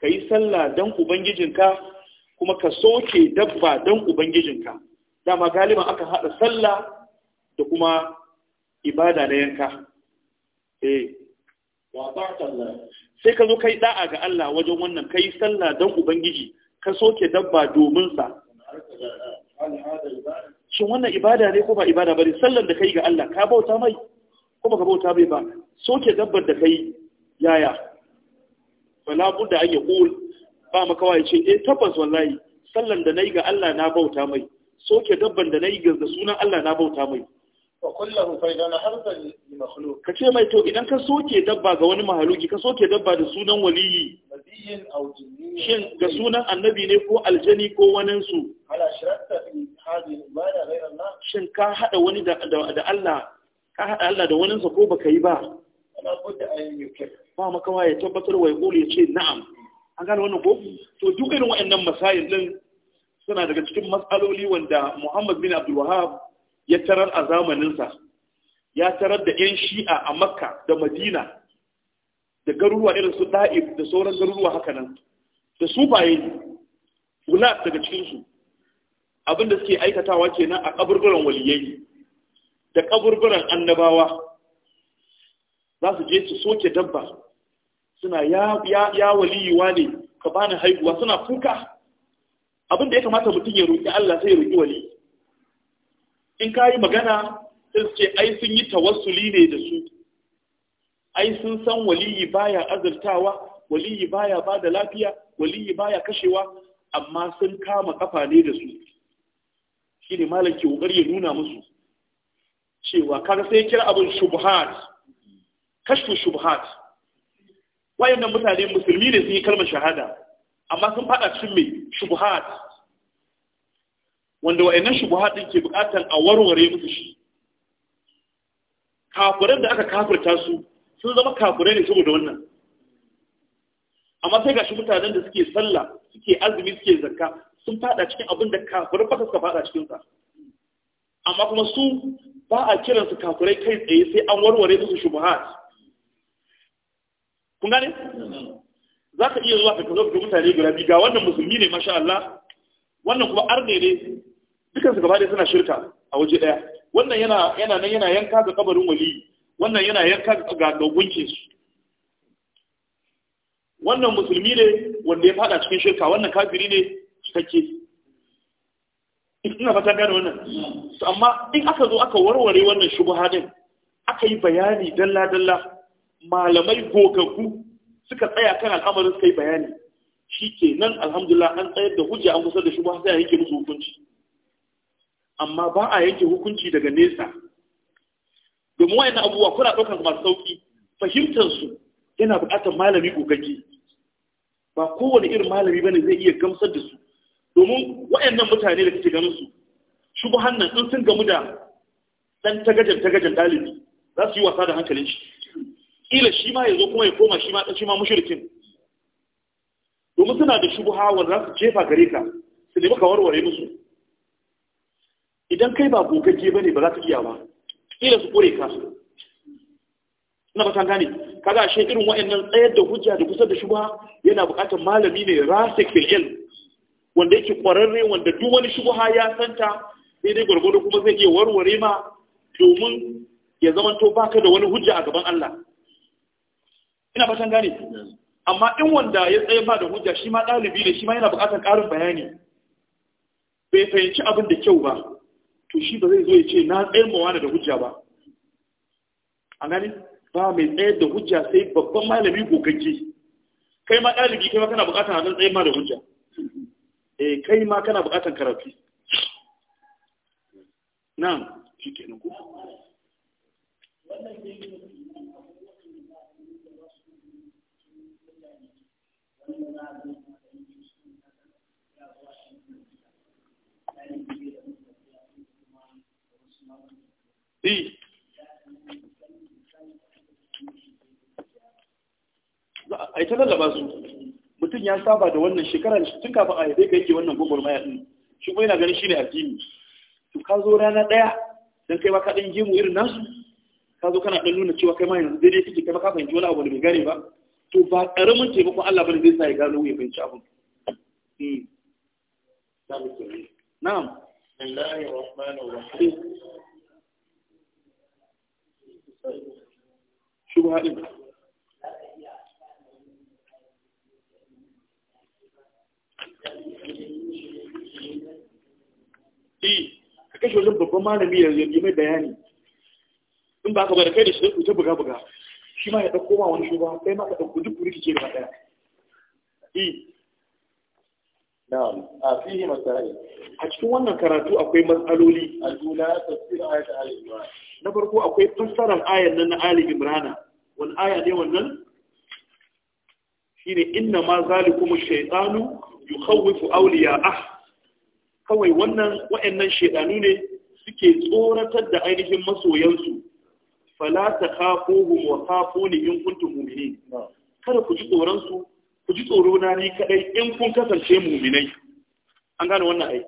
kai sallah dan ubangijin ka, kuma ka soke dabba dan ubangijin ka. dama galiban aka hada sallah da kuma ibada na yanka eh sai ka zo kai da'a ga Allah wajen wannan kai sallah don ubangiji ka soke dabba domin sa shin wannan ibada ne ko ba ibada bane Sallan da kai ga Allah ka bauta mai ko ka bauta mai ba soke dabbar da kai yaya wala budda an yaqul ba maka waye ce eh tabbas wallahi sallan da nayi ga Allah na bauta mai soke dabban da nayi ga sunan Allah na bauta mai ka ce mai to idan ka soke dabba ga wani mahaluki ka soke dabba da sunan waliyi shin ga sunan annabi ne ko aljani ko waninsu shin ka haɗa wani da Allah ka haɗa Allah da waninsa ko baka yi ba ba makawa ya tabbatar wa ya ce na'am an gane wannan ko to duk irin waɗannan masayin din suna daga cikin matsaloli wanda Muhammad bin Abdul Wahhab ya tarar a zamaninsa ya tarar da 'yan shi'a a makka da madina da garuruwa irin su da'ib da sauran garuruwa hakanan, nan da sufaye gulat daga cikinsu abinda suke aikatawa kenan a kaburburan waliyai da kaburburan annabawa za su je su soke dabba suna ya, ya, ya waliyuwa ne ka bani haihuwa suna kuka abinda ya kamata mutum ya roƙi Allah sai ya roƙi in ka yi magana sai ce ai sun yi tawassuli ne da su ai sun san waliyi baya azurtawa waliyi baya ba da lafiya waliyi baya kashewa amma sun kama kafa ne da su shi ne malam ya nuna musu cewa kaga sai kira abin shubhat kashfu shubhat wayannan mutane musulmi ne sun yi kalmar shahada amma sun faɗa cikin mai shubhat wanda wa'annan shubuhat haɗin ke buƙatar a warware musu shi kafiran da aka kafirta su sun zama kafirai ne saboda wannan amma sai gashi mutanen da suke sallah suke azumi suke zakka sun fada cikin abin da kafirai ba suka fada cikin sa amma kuma su ba a kiran su kafirai kai tsaye sai an warware musu haɗi kun gane za ka iya zuwa ka kazo ga mutane guda biyu ga wannan musulmi ne masha Allah wannan kuma arne ne dukansu gaba ɗaya suna shirka a waje ɗaya wannan yana yana nan yana yanka ga kabarin wali wannan yana yanka ga dogunkin su wannan musulmi ne wanda ya fada cikin shirka wannan kafiri ne cikakke ina fata gane wannan amma in aka zo aka warware wannan shubha din aka yi bayani dalla dalla malamai gogaggu suka tsaya kan al'amarin suka yi bayani shi ke nan alhamdulillah an tsayar da hujja an kusa da shubha sai a yake musu hukunci amma ba a yanke hukunci daga nesa domin wayannan abubuwa kuna ɗaukar masu sauƙi fahimtar yana buƙatar malami gogagge ba kowane irin malami ne zai iya gamsar da su domin wayannan mutane da kake ganin su shubuhan nan in sun gamu da ɗan tagajen tagajen ɗalibi, za su yi wasa da hankalin shi kila shi ma ya zo kuma ya koma shi ma dan shi ma mushrikin domin suna da shubuha wanda za su jefa gare ka su nemi ka warware musu idan kai ba gogagge bane ba za ka iya ba kila su kore ka ina fatan gane kaga ashe irin wa'annan tsayar da hujja da kusa da shubha yana bukatar malami ne rasik fil ilm wanda yake kwararre wanda duk wani shubha ya santa sai dai gwargwado kuma zai iya warware ma domin ya zamanto baka da wani hujja a gaban Allah ina fatan gane amma in wanda ya tsaye ba da hujja shi ma ɗalibi ne shi ma yana bukatar karin bayani bai fahimci abin da kyau ba to shi ba zai zo ya ce na tsayin ma wani da hujja ba a gani ba mai tsayin da hujja sai babban malami gogagge kai ma ɗalibi kai ma kana buƙatar hannun tsayin ma da hujja eh kai ma kana buƙatar karafi nan shi ke nuku Thank you. a yi ta lallaba su mutum ya saba da wannan shekara tun kafin a haife ka yake wannan maya ɗin shi kuma yana ganin shi ne addini to ka zo rana ɗaya don kai ma ka ɗan gemu irin nasu ka zo kana ɗan nuna cewa kai ma yanzu daidai kake kai ma ka fahimci wani abu da bai gane ba to ba ƙaramin taimakon Allah bane zai sa ya gano ya fahimci abin hmm. na'am rahim shubha din i e, ka kashe wajen babban malami ya yi mai bayani in ba ka bada kai da shi zai buga-buga shi ma ya wani ma ka kike gaba ɗaya e. na'am a fihi a cikin wannan karatu akwai matsaloli al-ula tafsir ayat al-imran na farko akwai fassarar ayan nan na Ali Imran wal aya ne wannan shine inna ma zalikum ash-shaytanu yukhawifu ah kawai wannan wayannan shedanu ne suke tsoratar da ainihin masoyansu fala takhafuhum wa khafuni in kuntum mu'minin kada ku ji tsoron su ku ji tsoro na ni kadai in kun kasance mu'minai an gane wannan ai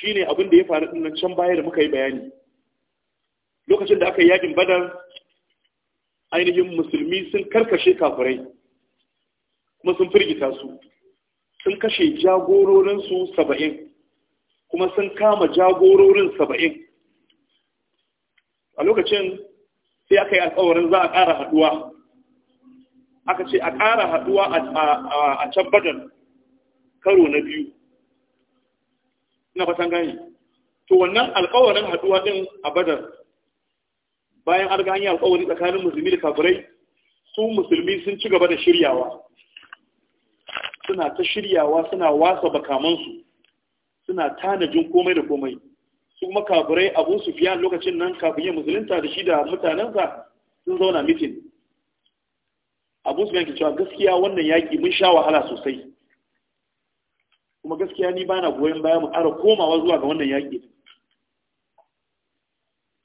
shine abin da ya faru din nan can baya da muka yi bayani lokacin da aka yi yakin badar ainihin musulmi sun karkashe kafirai kuma sun firgita su sun kashe jagororinsu saba'in kuma sun kama jagororin saba'in a lokacin sai aka yi alkawarin za a ƙara haɗuwa aka ce a ƙara haɗuwa a can badar karo na biyu na fatan gani to wannan alkawarin haɗuwa ɗin a badar bayan an ga an yi alƙawari tsakanin musulmi da kafirai su musulmi sun ci gaba da shiryawa suna ta shiryawa suna wasa bakamansu suna tanajin komai da komai su kuma kafirai abu sufiyan lokacin nan kafin yin musulunta da shi da mutanensa sun zauna mitin abu sufiyan ke cewa gaskiya wannan yaƙi mun sha wahala sosai kuma gaskiya ni bana goyon baya mu ara komawa zuwa ga wannan yaƙi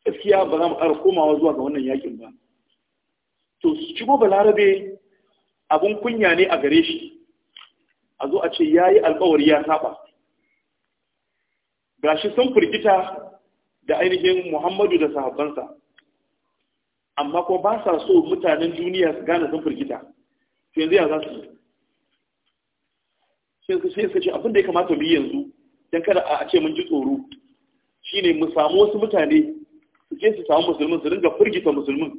gaskiya ba za mu ƙara komawa zuwa ga wannan yakin ba to su ci shigo balarabe abun kunya ne a gare shi a zo a ce ya yi alkawari ya saba gashi sun firgita da ainihin muhammadu da sahabbansa amma kuma ba sa so mutanen duniya su gane sun firgita yanzu ya za su yi sai su ce abin da ya kamata mu yi yanzu don kada a ce mun ji tsoro shine mu samu wasu mutane su je su samu musulmin su ringa firgita musulmin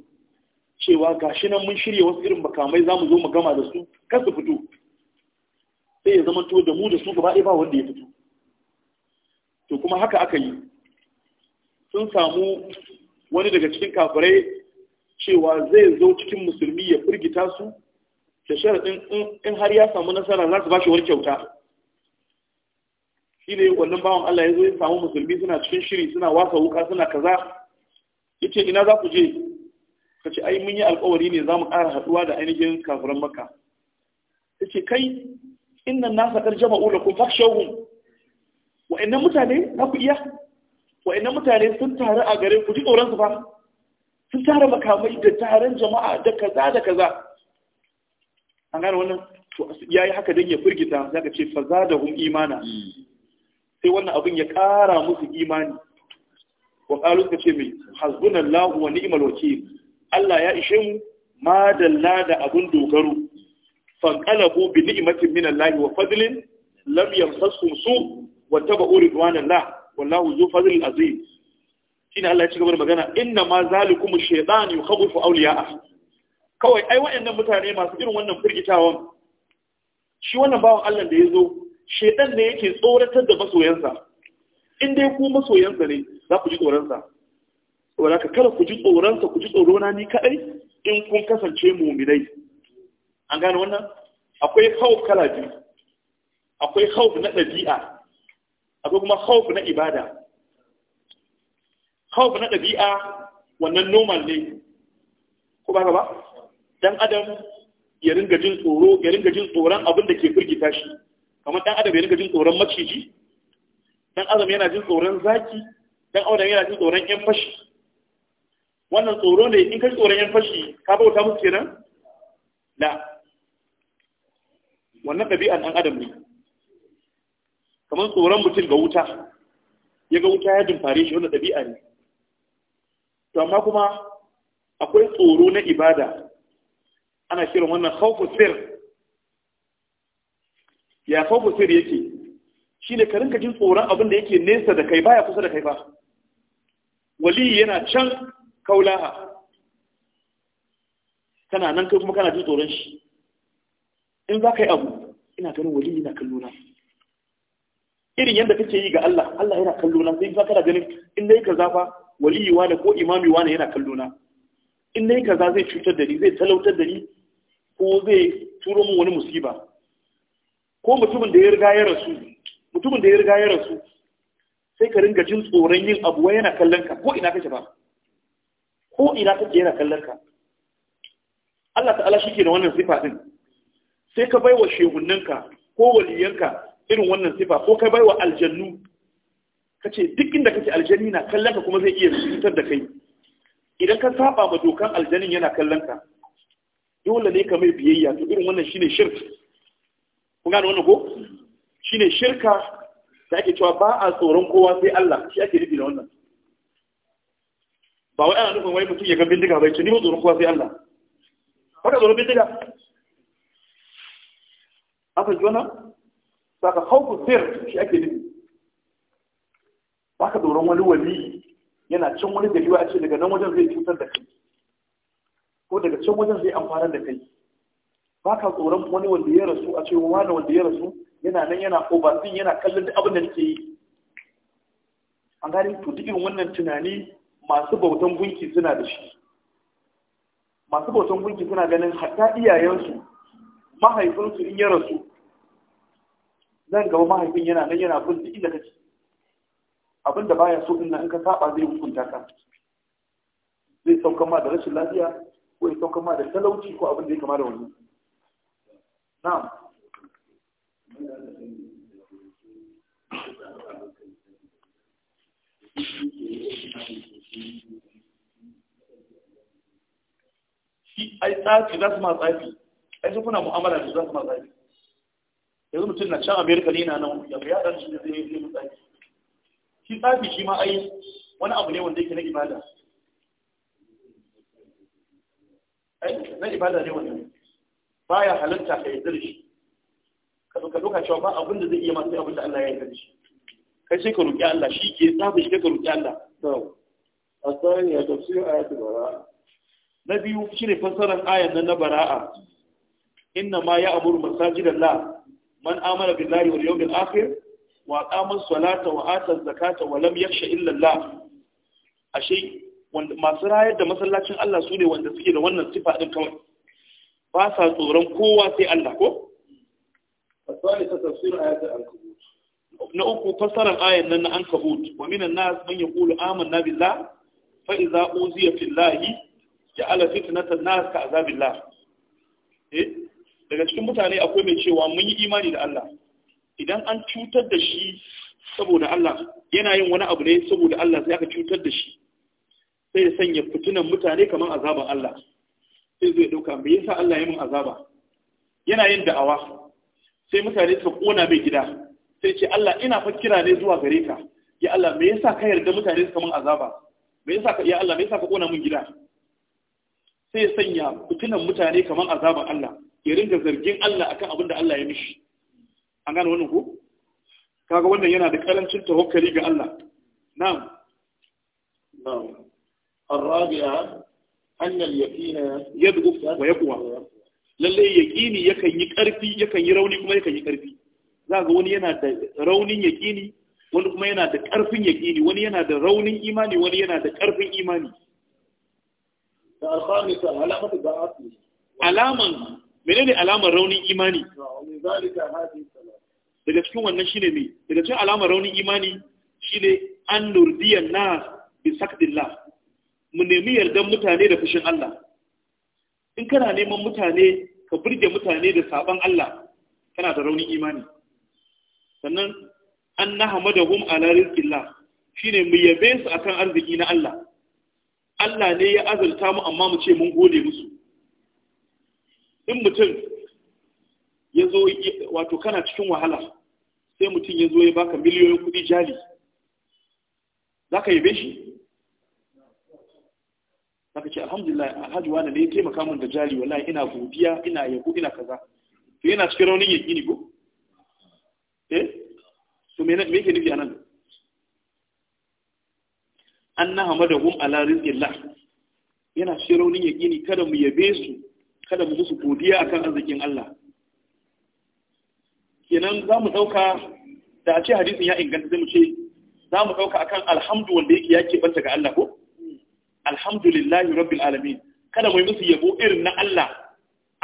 cewa gashi nan mun shirya wasu irin makamai za mu zo mu gama da su kar su fito sai ya zama to da mu da su gaba ɗaya ba wanda ya fito to kuma haka aka yi sun samu wani daga cikin kafirai cewa zai zo cikin musulmi ya firgita su da sharaɗin in har ya samu nasara za su ba wani kyauta shi ne wannan bawan Allah ya zo ya samu musulmi suna cikin shiri suna wasa wuka suna kaza yace ina za ku je ka ce ai mun yi alkawari ne za mu ƙara haɗuwa da ainihin kafiran maka. Ya ce kai inna na faɗar jama'u da kun fakshawun wa'annan mutane na ku iya wa'annan mutane sun taru a gare ku ji tsoronsu ba sun tara makamai da taron jama'a da kaza da kaza an gane wannan to ya yi haka don ya firgita za ka ce faza da hum imana mm. sai wannan abin ya ƙara musu imani wa qalu ce mai hasbunallahu wa ni'mal wakil Allah ya ishe mu ma da abun dogaro fanqalabu bi ni'matin min Allah wa fadlin lam yamsasum su wa tabu ridwanallah wallahu zu fadlil azim shine Allah ya da magana inna ma zalikum kawai ai waɗannan mutane masu irin wannan firgitawan shi wannan bawan Allah da ya zo shaytan ne yake tsoratar da masoyansa in dai ku masoyansa ne za ku ji tsoronsa Wala ka kada ku ji tsoronsa ku ji tsorona ni kaɗai in kun kasance muminai an gane wannan akwai hauf kala biyu akwai hauf na ɗabi'a akwai kuma hauf na ibada hauf na ɗabi'a wannan normal ne ko ba ba dan adam ya ringa jin tsoro ya ringa jin tsoron abin da ke firgita shi kamar dan adam ya ringa jin tsoron maciji dan adam yana jin tsoron zaki dan auren yana jin tsoron yan fashi wannan tsoro ne in kai tsoron yan fashi ka bauta musu kenan la wannan ɗabi'an ɗan adam ne kamar tsoron mutum ga wuta ya ga wuta ya dumfare shi wannan ɗabi'a ne to amma kuma akwai tsoro na ibada ana kiran wannan khawfu sir ya khawfu sir yake shine ka rinka jin tsoron abin da yake nesa da kai baya kusa da kai ba wali yana can kaulaha kana nan kai kuma kana jin tsoron shi in za ka yi abu ina ganin wali yana kallo na irin yadda kake yi ga Allah Allah yana kallo na sai kana ganin in yi kaza fa waliyi wani ko imami wani yana kallo na in nayi kaza zai cutar da ni zai talautar da ni ko zai turo min wani musiba ko mutumin da ya riga ya rasu mutumin da ya riga ya rasu sai ka ringa jin tsoron yin abu wai yana kallon ka ko ina kake ba ko ina kake yana kallon ka Allah ta'ala shi ke da wannan sifa din sai ka baiwa shehunninka ko waliyanka irin wannan sifa ko ka baiwa aljannu ka ce duk inda kake aljanni na kallon ka kuma zai iya cutar da kai idan ka saba ma dokan aljanin yana kallon ka dole ne ka mai biyayya to irin wannan shine shirka kun gane wannan ko shine shirka sai cewa ba a tsoron kowa sai Allah shi ake nufi da wannan ba wai ana nufin wani mutum ya ga bindiga bai ce ni ba tsoron kowa sai Allah Ba ka tsoron bindiga an fahimci wannan ka hau sir shi ake nufi ka tsoron wani wali yana can wani gari a ce daga nan wajen zai cutar da kai ko daga can wajen zai amfana da kai ba ka tsoron wani wanda ya rasu a cewa wani wanda ya rasu yana nan yana obatin yana kallon da abin da nake yi an gani to duk irin wannan tunani masu bautan gunki suna da shi masu bautan gunki suna ganin hatta iyayensu mahaifinsu in ya rasu Zan gaba mahaifin yana nan yana bin duk inda kake abin da baya so din nan in ka saba zai hukunta ka zai sauka ma da rashin lafiya ko ya sauka ma da talauci ko abin da ya kama da wani نعم ai tsafi za su ma tsafi ai su kuna mu'amala da za su ma tsafi yanzu mutum na can amerika ne na nan ya fi yaran shi da zai yi mu tsafi shi tsafi shi ma ai wani abu ne wanda yake na ibada ai na ibada ne wanda baya halarta ka yarda da ka zo ka doka cewa ba abin da zai iya masu abin da Allah ya yi da kai sai ka roƙi Allah shi ke tsaba shi ka roƙi Allah a tsari ya tafsir ayatul bara'a na biyu shine fassarar ayan nan na bara'a inna ma ya amuru masajidallah man amara billahi wal yawmil akhir wa aqama salata wa ata zakata wa lam yakhsha illa Allah ashe masu rayar da masallacin Allah su ne wanda suke da wannan sifa din kawai ba sa tsoron kowa sai Allah ko na uku fasaran ayan nan na ankabut wa minan nas man yaqulu amanna billah fa idza uziya fillahi ja'ala fitnatan nas ka azabillah eh daga cikin mutane akwai mai cewa mun yi imani da Allah idan an cutar da shi saboda Allah yana yin wani abu ne saboda Allah sai aka cutar da shi sai ya sanya fitinan mutane kamar azaban Allah sai zai dauka mai yasa Allah ya mun azaba yana yin da'awa sai mutane suka kona mai gida sai ce Allah ina fa kira ne zuwa gare ka ya Allah me yasa ka yarda mutane suka mun azaba me yasa ka ya Allah me yasa ka kona mun gida sai ya sanya fitinan mutane kaman azaban Allah ya ringa zargin Allah akan abin da Allah ya mishi an gane wannan ko kaga wannan yana da karancin tawakkali ga Allah na'am na'am الرابعة annal yaqina yadghuf wa lalle yakan yi karfi yakan yi rauni kuma yakan yi karfi za ga wani yana da raunin yaqini wani kuma yana da karfin wani yana da raunin imani wani yana da karfin imani alaman menene alamar raunin imani daga cikin wannan shine me daga cikin alaman raunin imani shine an nurdiyan bi sakdillah mu nemi yardan mutane da fushin Allah in kana neman mutane ka burge mutane da saban Allah kana da raunin imani sannan an na hamadahum ala rizqillah shine mu yabe su akan arziki na Allah Allah ne ya azurta mu amma mu ce mun gode musu in mutum ya zo wato kana cikin wahala sai mutum ya zo ya baka miliyoyin kuɗi jali za ka yabe shi zaka ce alhamdulillah alhaji wani ne ya taimaka min da jari wallahi ina godiya ina yabo ina kaza to yana cikin raunin ne ko eh to me yake nufi anan anna hamadahum ala rizqillah yana cikin raunin ne kada mu yabe su kada mu musu godiya akan arzikin Allah kenan za mu ɗauka da a ce hadisin ya inganta zai mu ce za mu ɗauka akan alhamdu wanda yake ya keɓanta ga Allah ko alhamdulillahi rabbil alamin kada mu yi musu yabo irin na Allah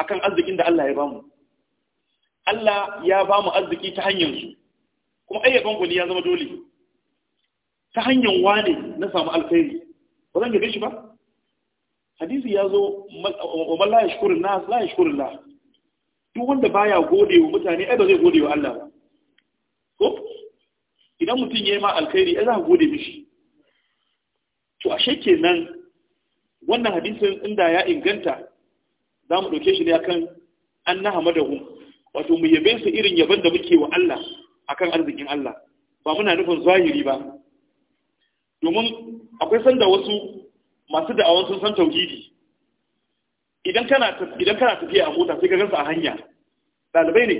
akan arzikin da Allah ya bamu Allah ya bamu arziki ta hanyar su kuma ayyaban gwani ya zama dole ta hanyar wane na samu alkhairi ba zan gabe shi ba hadisi ya zo wa man la yashkurun nas la yashkurun la duk wanda baya gode wa mutane ai ba zai gode wa Allah ba ko idan mutum yayi ma alkhairi ai za ka gode mishi to ashe kenan wannan hadisin inda ya inganta za mu ɗauke shi ne akan an na hu? wato mu yabe su irin yaban da muke wa Allah akan arzikin Allah ba muna nufin zahiri ba domin akwai sanda wasu masu da'awan sun san tauhidi idan kana idan tafiya a mota sai ka gansa a hanya dalibai ne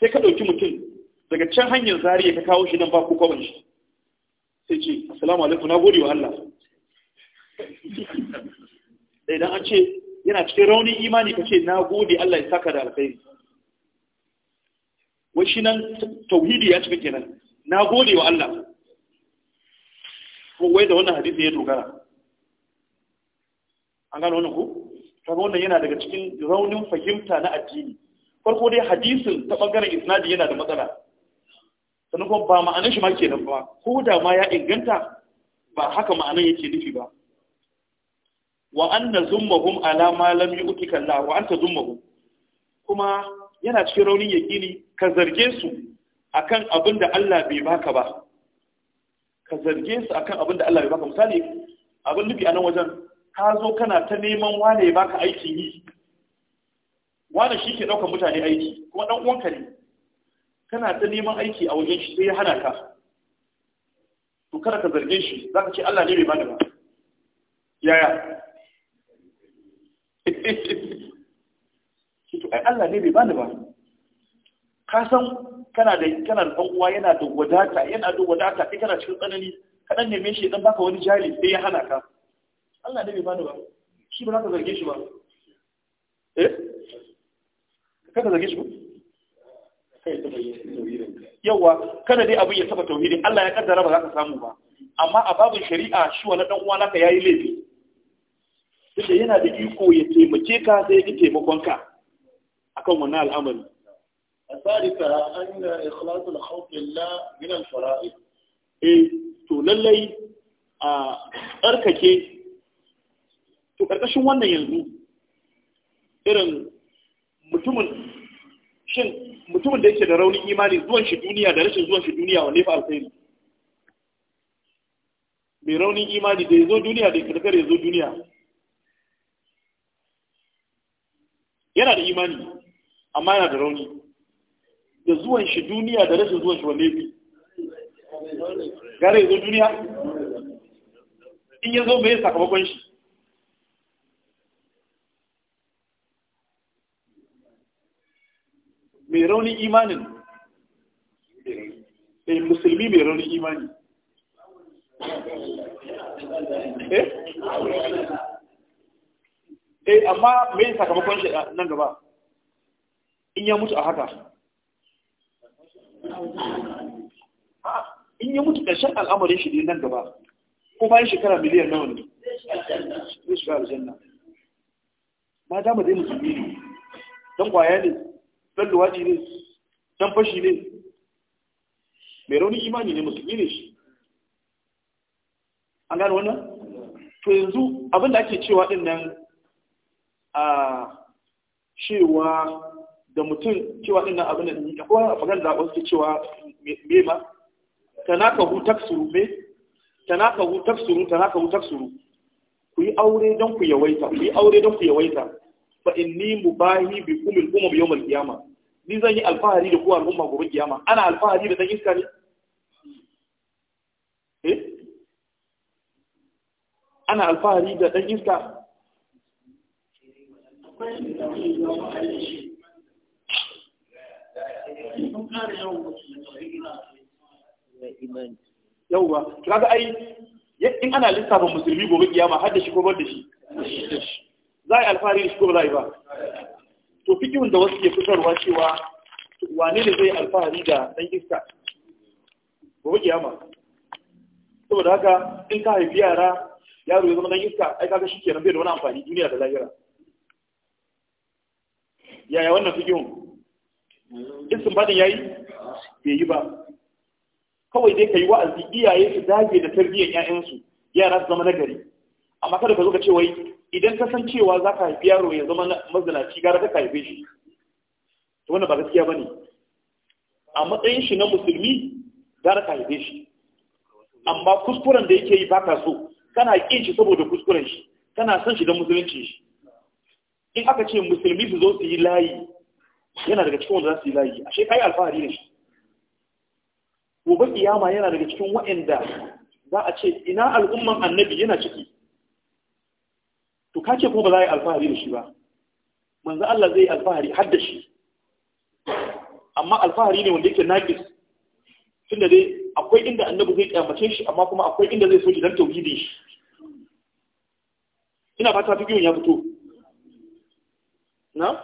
sai ka ɗauki mutum daga can hanyar zariya ka kawo shi nan ba ku kwaban sai ce Salamu alaikum na gode wa Allah da idan an ce yana cikin raunin imani ka ce na gode Allah ya saka da alkhairi wai shi nan tauhidi ya cika kenan na gode wa Allah wai da wannan hadisi ya dogara an gano wannan ku kaga wannan yana daga cikin raunin fahimta na addini farko dai hadisin ta bangaren isnadi yana da matsala sannan kuma ba ma'anin shi ma nan ba ko da ma ya inganta ba haka ma'anar yake nufi ba wa anna zummahum ala ma lam yu'tika Allah wa anta zummahum kuma yana cikin raunin yakini ka zarge su akan abin da Allah bai baka ba ka zarge su akan abin da Allah bai baka misali abin nufi a nan wajen ka zo kana ta neman wane ya baka aikin yi wane shi ke ɗaukar mutane aiki kuma ɗan uwanka ne kana ta neman aiki a wajen shi sai ya hana ka to kada ka zarge shi za ka ce Allah ne bai bani ba yaya [LAUGHS] to ai Allah ne bai bani ba ka san kana da kana da uwa yana da wadata yana da wadata kai kana cikin tsanani kadan neme shi dan baka wani jali sai ya hana ka Allah ne bai bani ba shi ba za ka zarge shi ba eh kada zarge shi ba yawa kada dai abin ya taba tauhidi Allah ya kaddara ba za ka samu ba amma a babin shari'a shi na dan uwa naka yayi laifi sai yana da iko ya taimake ka sai ya ki taimakon ka akan wannan al'amari asarika an ikhlasul khawf lillah min al fara'id eh to lallai a tsarkake to karkashin wannan yanzu irin mutumin shin mutumin da yake da raunin imani zuwan shi duniya da rashin zuwan shi duniya wanne fa alkhairi mai raunin imani da ya zo duniya da ya karkar ya zo duniya yana da imani amma yana da rauni da zuwan shi duniya da rashin zuwan shi wanne fi gara ya zo duniya in ya zo mai sakamakon shi mai raunin imanin eh musulmi mai raunin imani eh eh amma mai sakamakon shi nan gaba in ya mutu a haka in ya mutu ƙarshen al'amarin shi ne nan gaba ko bayan shekara miliyan nawa ne zai shiga aljanna ma dama dai musulmi ne don kwaya ne dan luwaɗi ne dan fashi ne mai rauni imani ne musulmi ne shi an gano wannan to yanzu abinda ake cewa din nan a cewa da mutum cewa din nan abin da ya kowa a fagen da wasu cewa me ma tanakahu taksuru me tanakahu taksuru tanakahu taksuru ku yi aure don ku yawaita ku yi aure don ku yawaita fa inni mubahi bi kumil umam yawmal qiyama ni zan yi alfahari da ku al'umma gobe kiyama ana alfahari da dan iska ne eh ana alfahari da dan iska yauwa kaga ai in ana lissafa musulmi gobe kiyama har da shi ko bar da shi za a yi alfahari da shi ko ba za a yi ba to da wasu ke fitarwa cewa wane ne zai alfahari da ɗan iska gobe kiyama saboda haka in ka haifi yara yaro ya zama ɗan iska ai kaga shi kenan bai da wani amfani duniya da lahira yaya wannan fi kiwon? in sun ya yi, bai yi ba kawai dai ka yi wa'azi iyaye su dage da tarbiyyar 'ya'yansu yara su zama nagari amma kada ka zo ka ce wai idan ka san cewa za ka haifi yaro ya zama mazinaci gara ka haife shi to wannan ba gaskiya ba ne a matsayin shi na musulmi gara ka haife shi amma kuskuren da yake yi ba ka so kana ƙin shi saboda kuskuren shi kana son shi don musulunci shi in aka ce musulmi su zo su yi layi yana daga cikin wanda za su yi layi a shekai alfahari da shi gobe iyama yana daga cikin waɗanda za a ce ina al'umman annabi yana ciki to kace ko ba za a yi alfahari da shi ba manzo Allah zai alfahari har da shi amma alfahari ne wanda yake naqis tunda dai akwai inda annabi zai kyamace shi amma kuma akwai inda zai so shi dan tauhidi shi ina fata yau ya fito na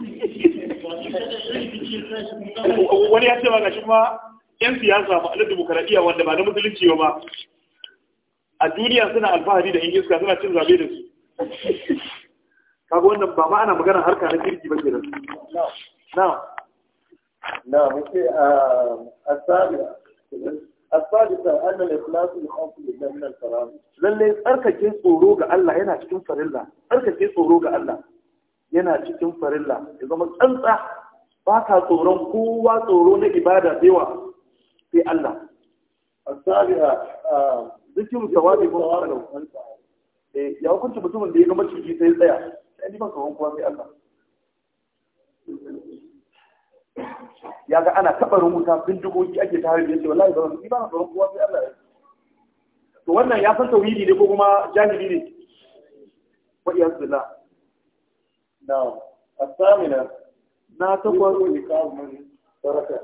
[LAUGHS] wani ya ce ba ga shi ma 'yan siyasa ba na dimokuraɗiyya wanda ba na musulunci ba a duniya suna alfahari da ingiska suna cin zabe da su kaga wannan ba ma'ana magana harka na jirgi ba kenan na na muke a ah, asali asali ta annal ikhlas li khawfi lillahi min al-karam lalle tsarkake tsoro ga Allah yana cikin farilla tsarkake tsoro ga Allah yana cikin farilla ya zama tsantsa ba ka tsoron kowa tsoro na ibada da yawa sai Allah asali a ah, zikiru jawabi ko fa'alau eh ya hukunta mutumin da ya ga maciji sai tsaya sai ni ban kawon kuwa sai Allah ya ga ana taɓa rubuta bindigogi ake ta da yace wallahi ba ni ba na tsoron kowa sai Allah to wannan ya san tauhidi ne ko kuma jahili ne wa iyaz billah now asamina na kwaro ne ka mun saraka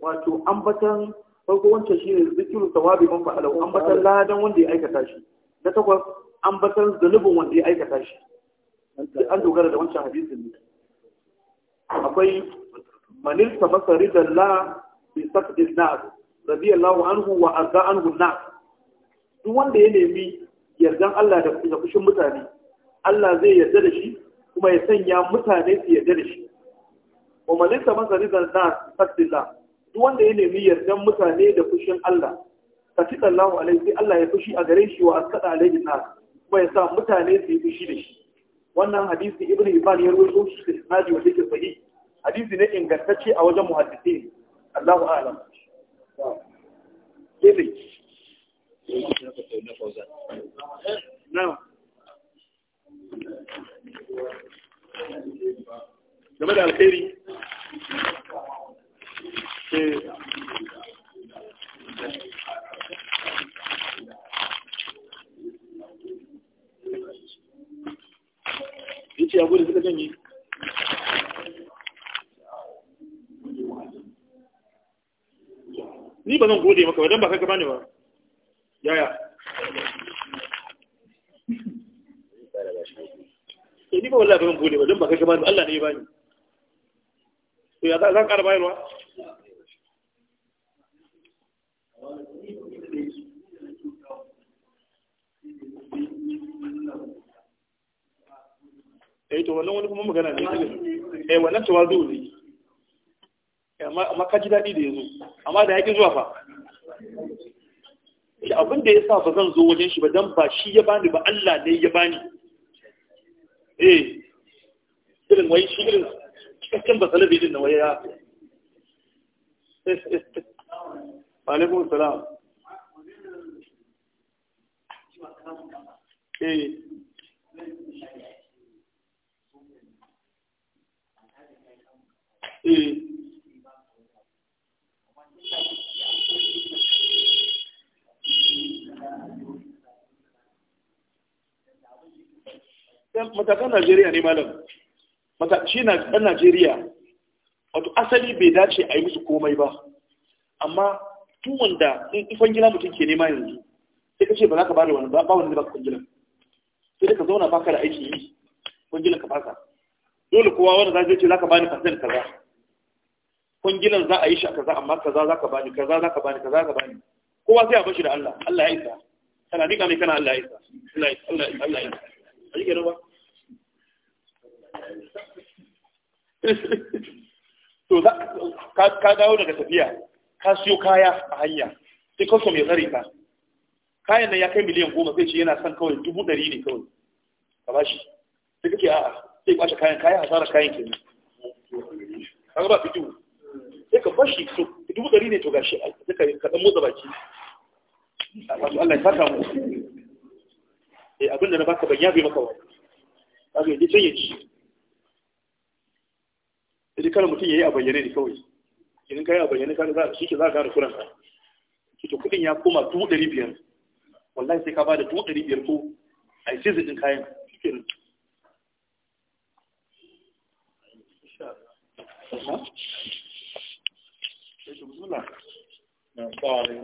wato ambatan farko wancan shi ne zikiru tawabi man fa'ala ambatan ladan wanda ya aikata shi na takwas ambatan zanubin wanda ya aikata shi an dogara da wancan hadisin ne akwai manil ta masari da la bi saqdil nas radiyallahu anhu wa arda anhu na?" duk wanda ya nemi yardan Allah da kushin mutane Allah zai yarda da shi kuma ya sanya mutane su yarda da shi wa manil ta masari da la bi saqdil na. duk wanda ya nemi yardan mutane da fushin Allah ci Allahu alaihi sai Allah ya fushi a gare shi wa askada alaihi nas kuma ya sa mutane su yi fushi da shi wannan hadisi ibnu Hibban ya rawaito shi da hadisi wanda yake sahih hadisi ne ingantacce a wajen muhaddisi Allahu a'lam sai game da alkhairi yace ya gudu suka janye ni ba zan gode maka wadan ba kai gaba ne ba yaya eh ni ba wallahi ba zan gode ba dan ba kai bane Allah ne ya bani to ya za ka ƙara bayarwa eh to wannan wani kuma magana ne eh wannan tawazu ne eh, amma amma kaji dadi da yazo amma da yake zuwa fa shi abin da yasa ba zan zo wajen shi ba dan ba shi ya bani ba Allah ne ya bani eh irin wai shi irin cikakken ba salabi din na waya ya wa alaikum salam eh Eh. matakan najeriya ne malam shi na ɗan najeriya wato asali bai dace a yi musu komai ba amma tun wanda in ifan gila mutum ke nema yanzu sai ka ce ba za ka bada wani ba wani ba ka kwangila sai da ka zauna baka da aiki yi kwangila ka fasa dole kowa wani zaje ce za ka bani fasen kaza kungilan za a yi shi a kaza amma kaza za ka bani kaza za ka bani kaza za ka bani kowa sai a bashi da Allah Allah ya isa kana dika mai kana Allah ya isa Allah ya isa Allah ya isa ba [LAUGHS] to ka dawo daga tafiya ka siyo kaya a hanya sai custom ya tsare ka kayan nan ya kai miliyan goma sai ce yana son kawai dubu ɗari ne kawai ka bashi sai kake a'a sai kwace kayan kayan hasara kayan kenan kaga ba fito sai ka bashi to dubu ɗari ne to gashi sai ka kaɗan motsa baki wato Allah ya fata mu eh abin da na baka ban yabe maka wani kaga yaje can ya ci kana mutum yayi a bayyane ne kawai idan kai a bayyane ka za shi ke za ka ga kuran ka ki to kudin ya koma dubu ɗari biyar wallahi sai ka bada dubu ɗari biyar ko a yi sai ɗin kayan shikenan Thank you. bismillah